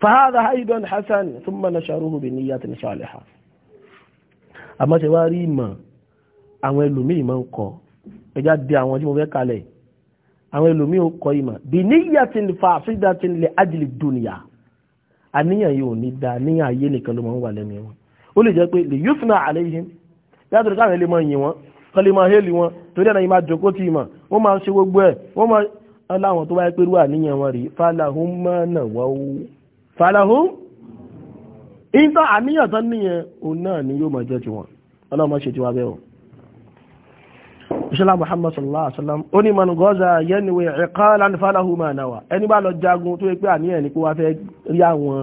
فهذا أيضا حسن ثم نشره بنية صالحة àmọ́ ṣe wá rí ìmọ̀ àwọn ẹlòmíì máa ń kọ ẹjá bí àwọn tí mo fẹ́ kalẹ̀ àwọn ẹlòmíì ó kọ ìmọ̀ bí níyà tí ń fa àfíjà tí ń lè ájìlì dùnìyà àníyàn yóò ní da ní ayé nìkan ló máa ń wà lẹ́nu wọn ó lè jẹ́ pé lè yóò fúnra àlẹ́ yìí yàtọ̀ káwọn ilé máa yìn wọn kọ́ lè máa hélì wọn torí ẹ̀nà yìí ti ìmọ̀ wọ́n máa ṣe gbogbo ẹ̀ wọ́n máa láwọn tó wáyé pé rú àníyàn wọn rèé fálà hùn mọ́ fàlàhún ìtàn àníyàn tán níyẹn òun náà ni yóò máa jẹ́ tiwọn ọlọ́mọ ṣe tiwa bẹ́ẹ̀ o ìṣẹ́lá muhammad sallallahu alaihi wasallam ó ní man ghaza yanwi iqalan falahu ma nawa ẹni bá lọ jagun tó yẹ pé àníyàn ni kó wá fẹ́ rí àwọn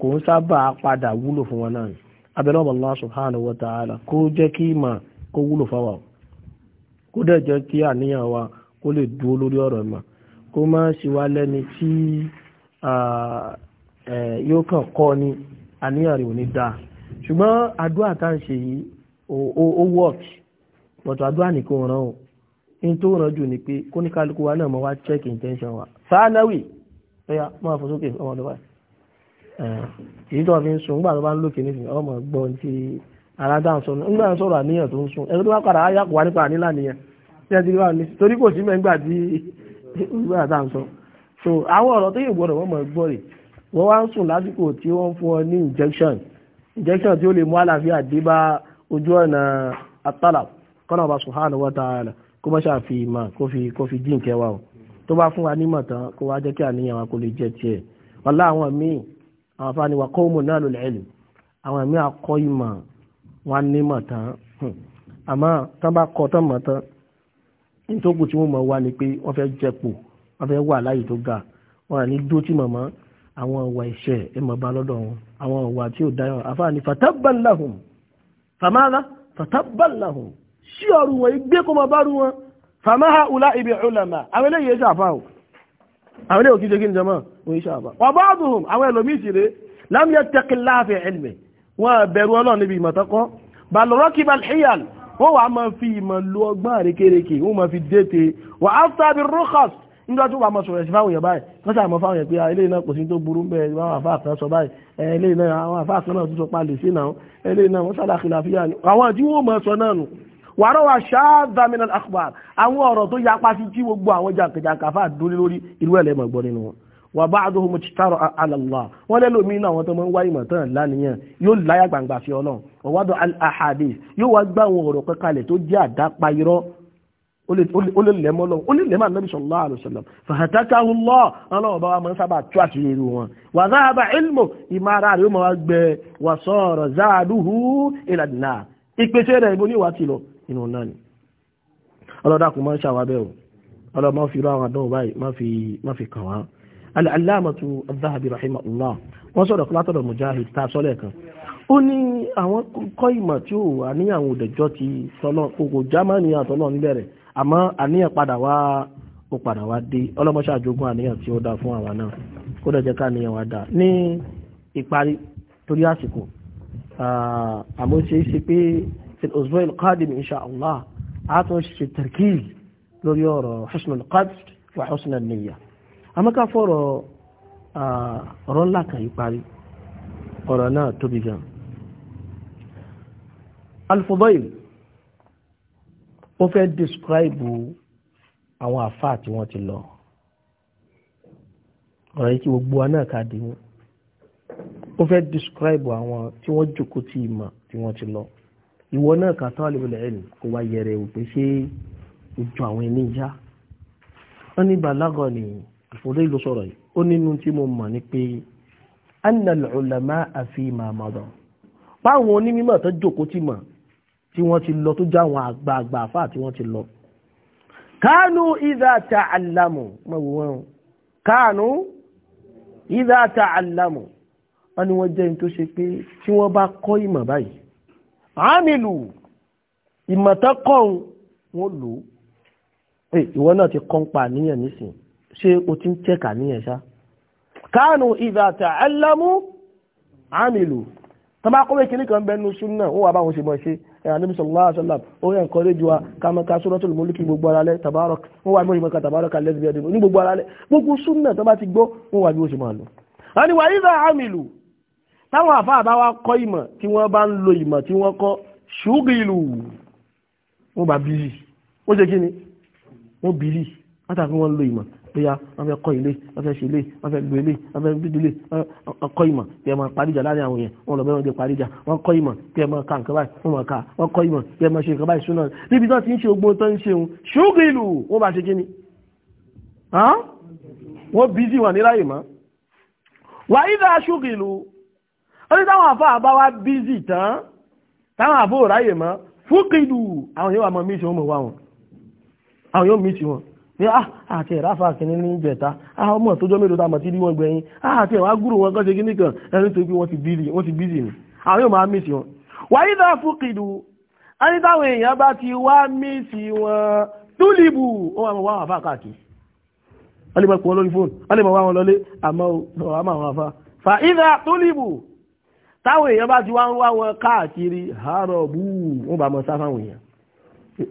kò ń sábà padà wúlò fún wọn náà abẹ́lọ́bà Allah subhanahu wa ta'ala kó jẹ́ kí ìmọ̀ kó wúlò fáwà kó dẹ̀ jẹ́ kí àníyàn wa kó lè dúó lórí ọ̀rọ̀ ìmọ̀ kó má sì wá lẹ́ni tí yóò kàn kọ́ ni àníyàn rẹ̀ ò ní dáa ṣùgbọ́n àdúrà tá ń ṣe yìí ó work but àdúrà ní ràn ó in tó ràn jù ni pé kóníkálukú wa náà mọ wá check intention wa sáà náwì ó yá máa fò sókè ọmọdé báyìí Eh, èyí tó fi ń sun nígbà tó bá ń lókè ọmọ gbọ́n ti aládàá sọnù nígbà sọ̀rọ̀ àníyàn tó ń sun ẹgbẹ́ tó bá padà nípa ànílà nìyẹn tí ẹ ti rí torí kò sí tí tá à ń sọ so àwọn ọ̀rọ̀ tó yẹ gbọ́dọ̀ wọ́n mọ̀ gbọ́ rè wọ́n tí wọ́n fún ọ ní injection injection tí ó lè mú àlàáfíà dé ojú ọ̀nà àtàlà kọ́nà àwọn afáàní wa kọ́ọ̀mù náà lò lẹ́ẹ̀lì àwọn ẹ̀mí akọ́ ìmọ̀ wọn ní mọ̀ tán hmm. àmọ́ tán bá kọ́ tán mọ̀ tán nítòkù tí wọ́n mọ̀ wá ni pé wọ́n fẹ́ jẹ́pò wọ́n fẹ́ wà láyé tó ga wọn àní dó tí mọ̀mọ́ àwọn ìwà ìṣẹ́ ẹ mọ̀ bá lọ́dọ̀ wọn àwọn ìwà tí ò dáyọ̀ afáàní fatabban lahum fàmáàlá sí ọ̀rùn wọn ìgbé kó mọ̀ bá rú wọn fàmáà ula ibi ulama àwọn eléyìí ṣàfáà àwọn ilé òkú jẹ́gí ìjọmọ́ òun iṣẹ́ àbá wà bá dùn àwọn ẹlòmíì sì rè lam yattaqillah fi ilmi wọn bẹ̀rù ọlọ́run níbi ìmọ̀tọ́kọ́ balrọ́kì balhiyal wọ́n wà máa fi ìmọ̀ lu ọgbọ́n àrékèrèké wọ́n máa fi dété wà áfíà bí rúkọ̀s nígbà tó wà máa sọ̀rọ̀ ẹ̀sìn fáwọn èèyàn báyìí wọ́n sì àmọ́ fáwọn èèyàn pé ilé ah, iná kò sí tó burú bẹ́ẹ̀ eh, wọ́n àfa àkàn báyìí ilé iná wàárọ̀ wa ṣáàdà minal akhbar àwọn ọ̀rọ̀ tó yapa sí tí gbogbo àwọn jàǹkàjàǹkà fà dúró lórí irú ẹ̀lẹ́mọ̀ gbọ́ nínú wọn wà bá àdóhùn mo ti tààrọ̀ àlàlá wọn lẹ́lò mí náà wọn tó máa ń wáyé mọ̀tán lánìyàn yóò láyà gbangba fi ọlọ́run ọ̀wádọ̀ al-ahadith yóò wá gbá àwọn ọ̀rọ̀ pẹ́kalẹ̀ tó jẹ́ àdápa irọ́ ó lè lẹ́mọ́ lọ́wọ́ ó lè lẹ́mọ́ ànábì sallallahu alaihi wasallam fahatakahu Allah bá wa máa ń sábà tú àṣírí wọn wà záàbà ilmu ìmára rẹ̀ ó máa gbẹ wà sọ̀rọ̀ záàdúhù ìlànà ìpèsè rẹ̀ ibo ní ìwà tìlọ nínú náà ni ọlọ́dàkùn máa ń ṣàwábẹ̀ o ọlọ́ máa fi irú àwọn àdánwò báyìí má fi kàn wọ́n sọ̀rọ̀ látọ̀dọ̀ mujahid a sọ́lẹ̀ kan ó ní àwọn kọ́ ìmọ̀ tí ó wà ní àwọn òdẹ̀jọ́ ti sọ́lọ́ kòkò jámánì àtọ́lọ́ níbẹ̀rẹ̀ àmọ́ àníyàn padà wá ó padà wá dé ọlọ́mọṣẹ́ àjogún àníyàn tí ó dá fún àwa náà kó dẹ̀ jẹ́ ká àníyàn wá dá ní ìparí torí في الأسبوع القادم إن شاء الله عطوش التركيز لوريور حسن القدر وحسن النية أما كفور رولا كيباري قرانا تبيغان الفضيل ó fẹ́ describe àwọn àfáà tí wọ́n ti lọ ọ̀rọ̀ yìí tí gbogbo wa náà ká dé wọn ó fẹ́ describe àwọn tí wọ́n jókòó tí ìmọ̀ tí wọ́n ti lọ ìwọ náà kà talibul ilm kó wá yẹrẹ wò pé ṣé ojú àwọn ẹni yá wọ́n ní bàlágọ̀ ni ìfòdó ìlú sọ̀rọ̀ yìí ó nínú tí mo mọ̀ ní pé anna al-ulama'a fima mada báwọn onímọ̀ tó jókòó ti mọ̀ tí wọ́n ti lọ tó já àwọn àgbààgbà àfáà tí wọ́n ti lọ kánú idha ta'allamu mọ̀wọ́ wọn kánú idha ta'allamu wọ́n ni wọ́n jẹ́ ní tó ṣe pé tí wọ́n bá kọ́ ìmọ̀ báyìí àmìlù ìmọ̀tán kọ́hún wọ́n lò ó pé ìwọ náà ti kọ́ ń pa àníyàn nísìn ṣé o ti ń tẹ̀ka níyàn ṣá kánù ìdá ta'allamu àmìlù tó bá kọ́wé kìnnì kan bẹnu súnà ó wà báwọn ṣe mọ̀ ṣe Ànábì sallallahu alaihi wasallam ó yẹ nǹkan lójú wa ká máa ka suratul mulki gbogbo ara lẹ tabarak ó wà mọ́ ìmọ̀ká tabaraka allazi biyadihi ní gbogbo ara lẹ gbogbo súnà tó bá ti gbọ́ ó wà bí ó ṣe máa lò. àníwá ìdá àmìlù táwọn àfáà bá wá kọ́ ìmọ̀ tí wọ́n bá ń lo ìmọ̀ tí wọ́n kọ́ ṣùgbìlù wọ́n bá bìlì wọ́n ṣe kí ni wọ́n bìlì látàkì wọ́n lo ìmọ̀ bóyá wọ́n fẹ́ kọ́ ilé wọ́n fẹ́ ṣe ilé wọ́n fẹ́ gbé ilé wọ́n fẹ́ gbé ilé wọ́n kọ́ ìmọ̀ kí ẹ máa paríjà láàrin àwọn yẹn wọ́n lọ bẹ́ẹ̀ wọ́n dé paríjà wọ́n kọ́ ìmọ̀ kí ẹ máa ka nǹkan báyìí wọ́n máa ka wọ́n kọ́ ìmọ̀ kí ẹ máa ṣe nǹkan báyìí súná níbi tó ti ń ṣe ogbó tó ń ṣe òun ṣùgbìlù wọ́n bá ṣe kí ni wọ́n bí sí wà níláyè mọ́ wàá ìdá ṣùgbìlù ó ní táwọn àfáà bá wá bízì tán táwọn àfó ráyè mọ́ fúkìdù àwọn yóò wà mọ́ mísì wọn mọ̀ wá wọn àwọn yóò mísì wọn ní ah, àti ìráfà kìíní ní ìjẹta ah, ọmọ tó jọ mélòó tamọ̀ tí rí wọn gbẹ̀yìn ah, àti ẹ̀wà gúrù wọn kọ́ṣe kíní kan ẹni tó pé wọ́n ti bízì wọ́n ti bízì ni àwọn yóò máa mísì wọn wáyé dá fúkìdù a ní táwọn èèyàn bá ti wá mísì wọn túlìbù ó wà mọ̀ wá àfáà káàkiri wọ́n lè mọ̀ pọ̀ lórí fóònù wọ́n lè mọ̀ wá wọn lọlé àmọ́ àwọn àfáà fa ìdá túlìbù táwọn èèyàn bá ti wá ń wá wọn káàkiri àárọ̀ bú wọn bá mọ sáfáwọn èèyàn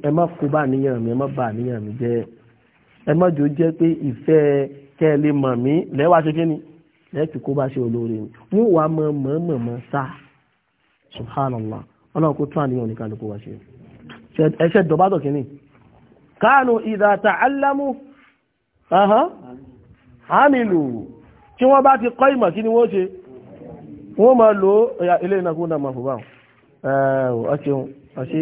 ẹ má kó bá níyàn mi ẹ má bà níyàn mi jẹ ẹ má jò jẹ pé ìfẹ́ kẹ́ lè mọ̀ mí lẹ́wà ṣe kíni lẹ́ẹ̀kì kó bá ṣe olóore ni wọn wà mọ mọ̀ọ́mọ̀ sá subhanallah ọlọ́run kó tún àníyàn ní kálukú wá ṣe ẹṣẹ́ dọ̀bátọ̀ kìíní kánú idha ta'allamu àmìlù tí wọ́n bá ti kọ́ ìmọ̀ kí ni wọ́n ṣe wọ́n máa lò ó ilé iná kúndà máa fòbá ọ̀ṣeun ọ̀ṣe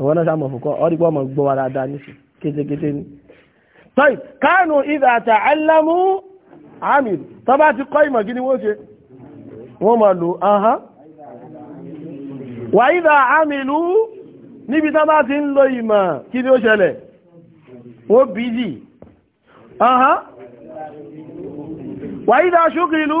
ìwọ́n náà sáàmù fòkọ́ ọ́dígbọ́ ọmọ gbọ́ wa dáadáa níṣẹ́ kétékété ní tọ́ì kánù ìdà ta'allamu amìlù tọ́ bá ti kọ́ ìmọ̀ gíní wọ́n ṣe wọ́n máa lò ahán wà ìdà amìlù níbi tọ́ ti ń lo ìmọ̀ kí ni ó ṣẹlẹ̀ wọ́n bìí ahán ìdà ṣúkìlú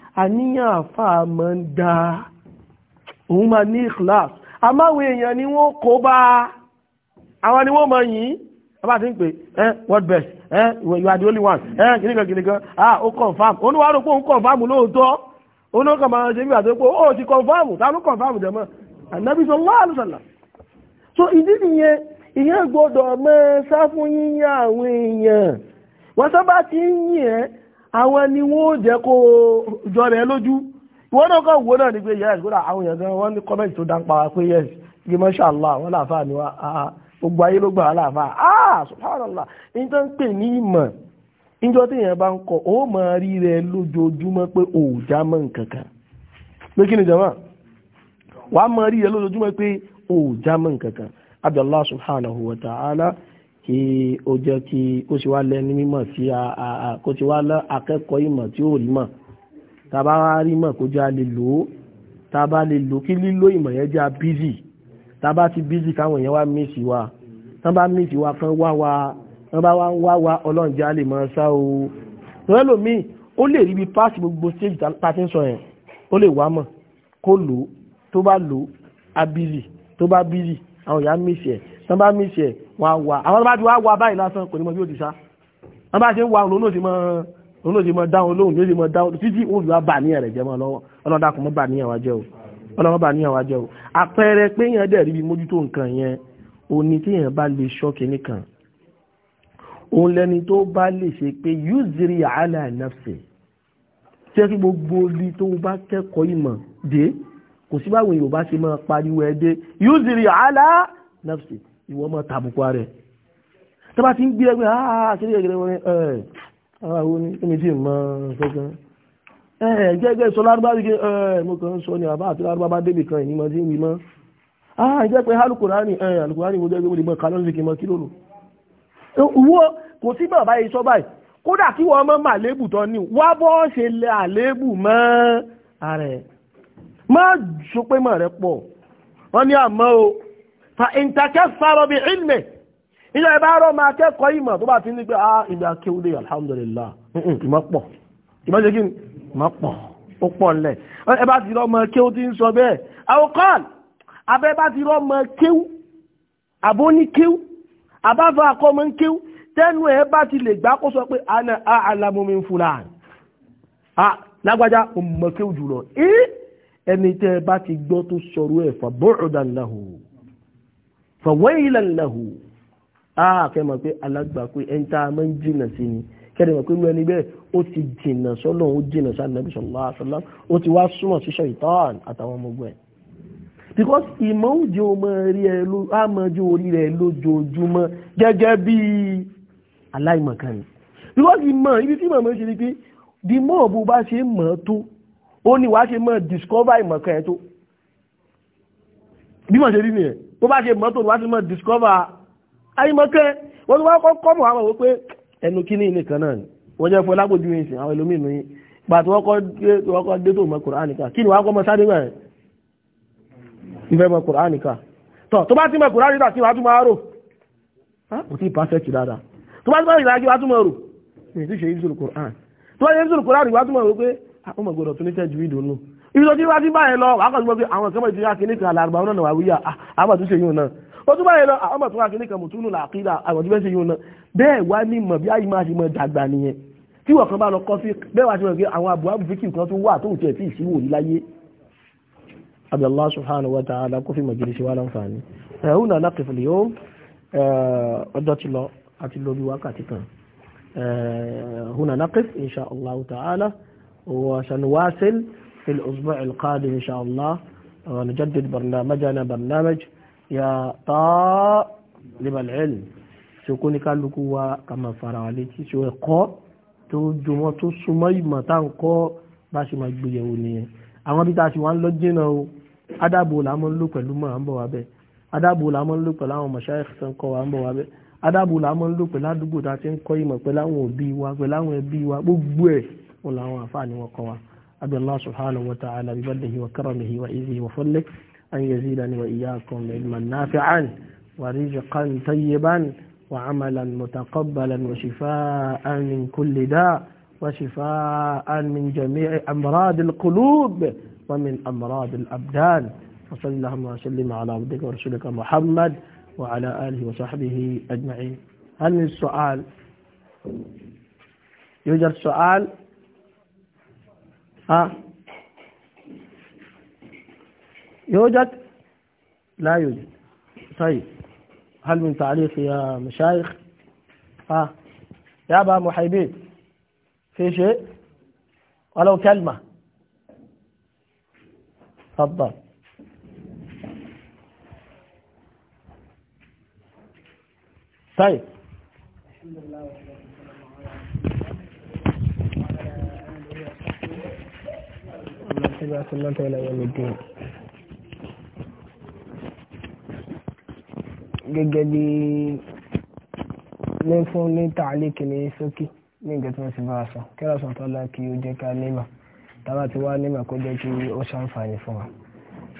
àníyàn àfáà máa ń da òun máa ní ìkìláàsì àmáwò èèyàn ni wọ́n kó bá àwọn ni wọ́n mọ̀ yìí àbá ti ń pè ẹ́ world best ẹ́ you are the only one ẹ́ kìnnìkan kìnnìkan ah ó confam oníwàá rò pé òun confam lóòótọ́ olóòkà máa ṣe bí àtẹ́kọ́ ó ti confam ta ló confam jẹ́mọ́ ànábì sallallahu alaihi wasallam so ìdí nìyẹn ìyẹn gbọ́dọ̀ mọ́ sáfún yíyan àwọn èèyàn wọ́n sábà ti ń yìn ẹ́ àwọn ni wọ́n jẹ́ kó jọ rẹ̀ lójú ìwọ́n náà kàn wọ́n náà ni pé yes kódà àwọn èèyàn gan wọ́n ní comment tó dáńpa wa pé yes bí mashallah àwọn làáfà ni wa ah, gbogbo ayé ló gbà wá làáfà ah, ní tó ń pè ní ìmọ̀ níjọ́ tí èèyàn bá ń kọ ó máa rí rẹ lójoojúmọ́ pé ò já mọ́ nǹkan ta'ala kí ó jẹ́ kí kó ṣe wá lẹ́ni mímọ̀ sí kó ṣe wá lọ akẹ́kọ̀ọ́ ìmọ̀ tí ò rí mọ̀ tá a bá rí mọ̀ kó jẹ́ a lè lò ó tá a bá lè lò kí lílo ìmọ̀ yẹn jẹ́ a bízì tá a bá ti bízì káwọn èèyàn wá mí sí wa tá a bá mí sí wa kan wá wa wọ́n bá wá wá wa ọlọ́run jẹ́ a lè máa sá o lọ́wọ́ lómi ó lè rí páàsì gbogbo stage tá a ti ń sọ yẹn ó lè wá mọ̀ kó lò ó tó bá lò ó a bízì tó bá bízì àwọn èèyàn wá wà àwọn bá ti wá wà báyìí lásán kò ní mọ bí ó ti sá wọ́n bá ṣe ń wà lónà òsì mọ dáhùn lóhùn yóò sì mọ dáhùn títí olùwà bà ní ẹ̀rẹ̀ jẹ́ mọ́ lọ́wọ́ ọlọ́dà kò mọ́ bà ní ẹ̀wà jẹ́ o ọlọ́wọ́ bà ní ẹ̀wà jẹ́ o àpẹẹrẹ òun lẹni tó bá lè ṣe pé yuziri ala nafsi ṣé kí gbogbo ibi tó bá kẹ́kọ̀ọ́ ìmọ̀ dé kò sí báwo Yorùbá ṣe máa pariwo ẹ dé yuziri ala nafsi ìwọ máa tàbùkù rẹ̀ tó bá ti ń gbé ẹgbẹ́ àkíní ah, ẹgbẹ́ wọn ẹ̀ àwọn ní ẹni tí mọ kankan eh, ẹ̀ gẹ́gẹ́ sọ lárúbá wíkẹ́ ẹ̀ eh, mo kàn ń sọ ni àbá ah jẹ́ pé alukurani ẹ̀ eh, alukurani wo jẹ́ pé mo lè mọ kálọ́ ní kí n mọ kí ló lò owó kò sí bàbá yìí sọ báyìí kódà kí wọ́n mọ́ màlébù tán ni wá bọ́ ṣe lẹ àlébù fa ìntàkẹ́fàrọ̀ bí ilmẹ̀ ilé ẹ̀bá rọ̀ máa kẹ́kọ̀ọ́ ìmọ̀ tó bá ti ní pé a ah, ìgbà kéwúdé alhamdulillah ìmọ̀ pọ̀ ìmọ̀ ṣe kí ni ìmọ̀ pọ̀ ó pọ̀ nlẹ̀ ẹ̀bá ti rọ̀ máa kéwú ti ń sọ bẹ́ẹ̀ àwòkọ́ọ̀lù abẹ́ bá ti rọ̀ máa kéwú àbó ní kéwú àbáfà akọ́mọ ń kéwú tẹ́nu ẹ̀ bá ti lè ẹni tẹ́ bá ti gbọ́ tó sọ̀rọ̀ ẹ̀fà bọ́ọ̀dà láhùn fàwẹ́ìlàn lẹ́hù ààkẹ́mọ̀ ah, pé alágbà pé ẹn tá a mọ́ ń jìnà sí ni kẹ́dẹ̀mọ̀ pé mẹ́rin bẹ́ẹ̀ ó ti jìnà sọ́nà ó jìnà sí Ànábì sallallahu alaihi wasallam because ìmọ̀ òjò àmọ́jú orí rẹ̀ lójoojúmọ́ gẹ́gẹ́ bí aláìmọ̀kan ni ibi tí màmá ṣe ni pé the more bó bá ṣe mọ̀ tó ó ní wàá ṣe mọ̀ discover ìmọ̀kan ẹ̀ tó bí màá ṣe rí nìyẹn bó bá ṣe mọ́tò wá sí mọ́ discover ayímọ́kẹ́ wọ́n ti wá kọ́ mọ̀ àwọn wípé ẹnu kíní nìkan náà ni wọ́n jẹ́ fún lágbójú ìsìn àwọn ẹlòmínú yìí pàtó wọ́n kọ́ dé tó mọ́ Kùránì ká kí ni wọ́n kọ́ mọ́ sáré mẹ́rin ìfẹ́ mọ́ Kùránì ká tọ́ tó bá ti mọ́ Kùránì ká kí wọ́n á tún máa rò kò tí ì perfect dáadáa tó bá ti mọ́ ìlànà kí wọ́n á tún máa rò mi ti ṣe ìṣòro Kùránì tó bá ṣe ìṣòro Kùránì wọ́n á tún máa rò pé àwọn ah, ọmọ gbọ́dọ̀ ibi tó ti wá sí báyìí lọ wà á kàn gbọ́ pé àwọn ìkẹ́mọ̀ ìdíyà kìíní kan àlàgbà ọ̀nà náà wà wíyà àwọn àtúnṣe yìí náà ó tún báyìí lọ àwọn ọmọ tó wá kìíní kan mùtúnù làkìdà àwọn ìdíyà yìí náà bẹ́ẹ̀ wá ní mọ̀ bí ayé máa ṣe mọ̀ dàgbà nìyẹn tí wọ̀n kan bá lọ kọ́ sí bẹ́ẹ̀ wá ṣe mọ̀ pé àwọn àbúrò fíkì kan tó wà tóun tiẹ̀ tí ìṣíwò ní láyé أبي الله سبحانه وتعالى كفي مجلس ولا فاني هنا نقف اليوم أدت الله أتلو بواقعتك هنا نقف إن شاء الله تعالى وسنواصل في الأسبوع القادم إن شاء الله ونجدد برنامجنا برنامج يا طالب العلم sokoni kálukú wa ká máa fara wa létí so ẹ̀kọ́ tó jọmọ́ tó súnmọ́ ìmọ̀ tá à ń kọ́ bá ṣe máa gbéyẹ̀wò nìyẹn àwọn bí tá a ṣe wá ń lọ jìnnà o adábò là máa ń lò pẹ̀lú mọ̀ à ń bọ̀ wá bẹ́ẹ̀ adábò là máa ń lò pẹ̀lú àwọn mọ̀ṣáyẹ̀kì tó ń kọ́ wa ń bọ̀ wá bẹ́ẹ̀ adábò là máa ń lò pẹ̀lú àdúgbò tá a ti ń kọ́ ìmọ̀ pẹ̀lú àwọn òbí wa pẹ̀lú àwọn ẹbí wa gbogbo ẹ̀ wọn làwọn àǹfààní wọn kọ́ wa. أبي الله سبحانه وتعالى ببره وكرمه وإذه وفضله أن يزيدني وإياكم علما نافعا ورزقا طيبا وعملا متقبلا وشفاء من كل داء وشفاء من جميع أمراض القلوب ومن أمراض الأبدان وصلى اللهم وسلم على عبدك ورسولك محمد وعلى آله وصحبه أجمعين هل من السؤال يوجد سؤال ها يوجد لا يوجد طيب هل من تعليق يا مشايخ ها يا ابا محيبين في شيء ولو كلمة تفضل طيب إذا سلمت إلى يوم الدين gẹ́gẹ́ bí ní fún ní tààlíkì ní sókè ní ìgbẹ́ tí wọ́n sì bá a sọ kẹ́rọ sọ tó lá kí ó jẹ́ ká nímà tàbá ti wá nímà kó jẹ́ kí ó ṣàǹfààní fún wa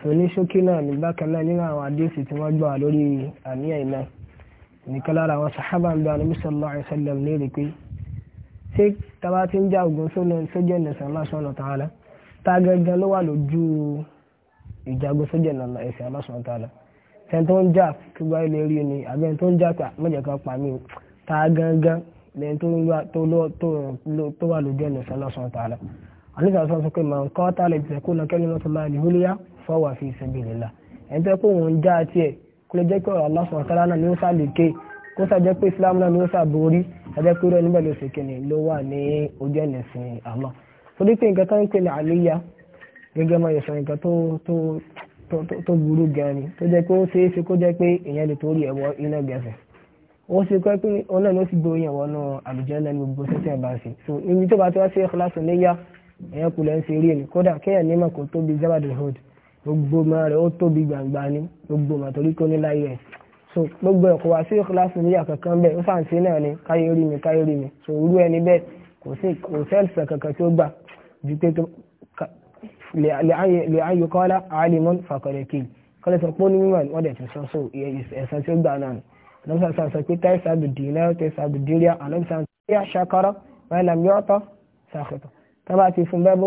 so ní sókè náà ní bákan nínú àwọn àdéhùsì tí wọ́n gbà lórí àníyàn náà nìkan lára àwọn sàhábà ń bẹ ànábì sallallahu alaihi wasallam léèrè pé ṣé tàbá ti ń já ogun sójú ẹ̀nẹ̀sán lásán ọ̀nà tààlà ta gangan ló wà lójú ìjagun sójú ìlànà ẹ̀sìn aláṣọ tààlà ẹni tó ń jà kí gbá ilé rí ni àbí ẹni tó ń jà pé mọ̀jẹ̀ kan pa mí o ta gangan lẹ́yìn tó ń wá tó wà lójú ẹ̀nà ẹ̀sìn aláṣọ tààlà àníṣà sọ pé màá kọ́ tá lè tẹ̀ kó na kẹ́lí lọ́tọ́ láàrin húlíyà fọwọ́ àfi sabilillah ẹni tó kó òun já tiẹ̀ kó lè jẹ́ pé ọ̀rọ̀ aláṣọ náà ni ó sàlékè kó sàjẹ́ pé Islam náà ni ó sàbórí sàjẹ́ pé irú ẹni bẹ́ẹ̀ ló ṣe ló wà ní ojú ẹ̀nà ẹ̀sìn Allah torí pé nǹkan tó ń pè ní àléyá gẹ́gẹ́ mọ́ ìsọ nǹkan tó burú gan ni tó jẹ́ pé ó ṣeé ṣe kó jẹ́ pé èèyàn lè torí ẹ̀wọ́ iná gẹ̀ẹ́sẹ̀ ó ṣe kọ́ pé òun náà ló sì gbé èèyàn wọnú àlùjẹ́ lẹ́nu gbogbo sẹ́sẹ̀ bá ṣe so ibi tó bá ti wá sí ẹ̀kọ́lásọ léyá èèyàn kù lẹ́ ń ṣe rí ẹni kódà kéèyàn ní màkó tóbi zabadul hood gbogbo ọmọ rẹ̀ ó tóbi gbàngbà ni gbogbo màtórí kó ní láyé ẹ̀ so gbogbo ẹ̀kọ́ wá sí ẹ̀kọ́lásọ léyá kankan bẹ́ẹ̀ ó fàǹsí náà ni káyé rí mi káyé rí mi so irú ẹni bẹ́ẹ̀ kò sí kò sẹ́ẹ̀sì kankan tí ó gbà ju pé lè ayò kọ́lá alimọ́n fàkọ̀lẹ̀kì kọ́lẹ̀ sọ pé ó ní mímọ̀ wọ́n dẹ̀ ti sọ so ẹ̀sán tí ó gbà náà anamsa sọ pé tẹ́sà bì dìínà tẹ́sà bì dìríà anamsa tí a ṣakọ́rọ́ wọn làm yọ́tọ̀ sàkẹ́tọ̀ tọ́ba ti fún bẹ́ẹ̀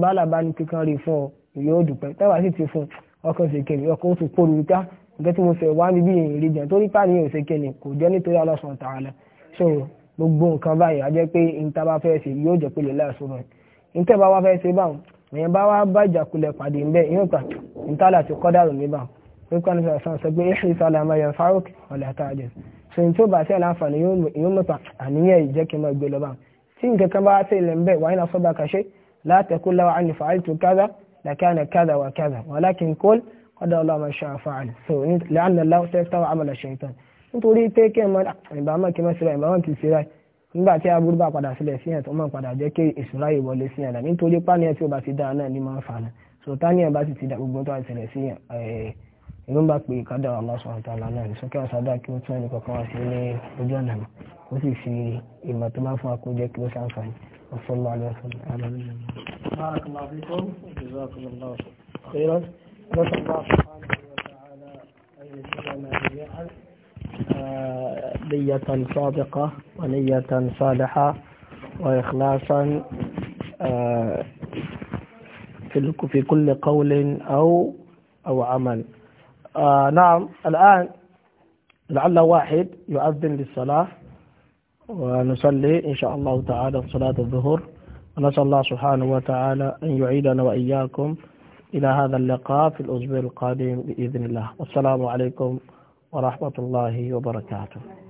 bọ́lá bá ní kíkan rí fún ọ yóò dùpẹ́ tọ́ba sì ti fún ọkàn ṣèkèrè ọkàn ó ti kó lùtá nǹkan tí mo fẹ́ wá níbí ìrìn ìjàn torí pàníyàn ṣèkèrè kò jẹ́ nítorí Allah Subhanahu wa ta'ala so gbogbo nǹkan báyìí a jẹ́ pé ntaba fẹ́ ṣe yóò jẹ́ pé lè láàṣọ báyìí níta bá wá fẹ́ ṣe báwọn èèyàn bá wá bá ìjàkulẹ̀ pàdé ńbẹ yóò gbà níta láti kọ́ dàrú ní báwọn wípé ní sọ̀rọ̀ sọ pé ẹ̀ṣẹ̀ ìsọ̀lá máa yẹn fárók ọ̀lẹ́ àtàjẹ́ so ní tó bá ṣe láǹfààní yóò mọ̀ta àníyàn ìjẹ́ kí n máa gbé lọ báwọn tí nǹkan kan bá ṣe ilẹ̀ ńbẹ wàá iná sọ́ba kàṣe látẹ̀kú láwa àní fàáltù kaza lakana kaza wa kaza walakin kol ọ̀dọ̀ ọlọ́mọ ṣàfààní so ní lẹ́yìn láwọn tẹ́tà nígbà tí aburú bá padà sílẹ̀ sí ẹ̀ tó máa padà jẹ́ kí ìṣúra yìí wọlé sí ẹ̀dá nítorí pánìyàn tí ó bá ti dáa náà ní máa ń fàánà so táníyàn bá sì ti dá gbogbo tó àṣẹlẹ̀ sí ẹ̀ ìlú eh, bá pè kádà Allah subhanahu wa ta'ala náà ní sókè àṣàdá kí ó tún ẹnì kankan wá sí ní ojú ọ̀nà mi ó sì fi ìmọ̀ tó bá fún akójẹ́ kí ó ṣàǹfààní ọ̀fọ́lọ́ alẹ́ ọ̀fọ́lọ́ alẹ́ آه، نية صادقة ونية صالحة وإخلاصا آه، في كل قول أو أو عمل آه، نعم الآن لعل واحد يؤذن للصلاة ونصلي إن شاء الله تعالى صلاة الظهر ونسأل الله سبحانه وتعالى أن يعيدنا وإياكم إلى هذا اللقاء في الأسبوع القادم بإذن الله والسلام عليكم ورحمة الله وبركاته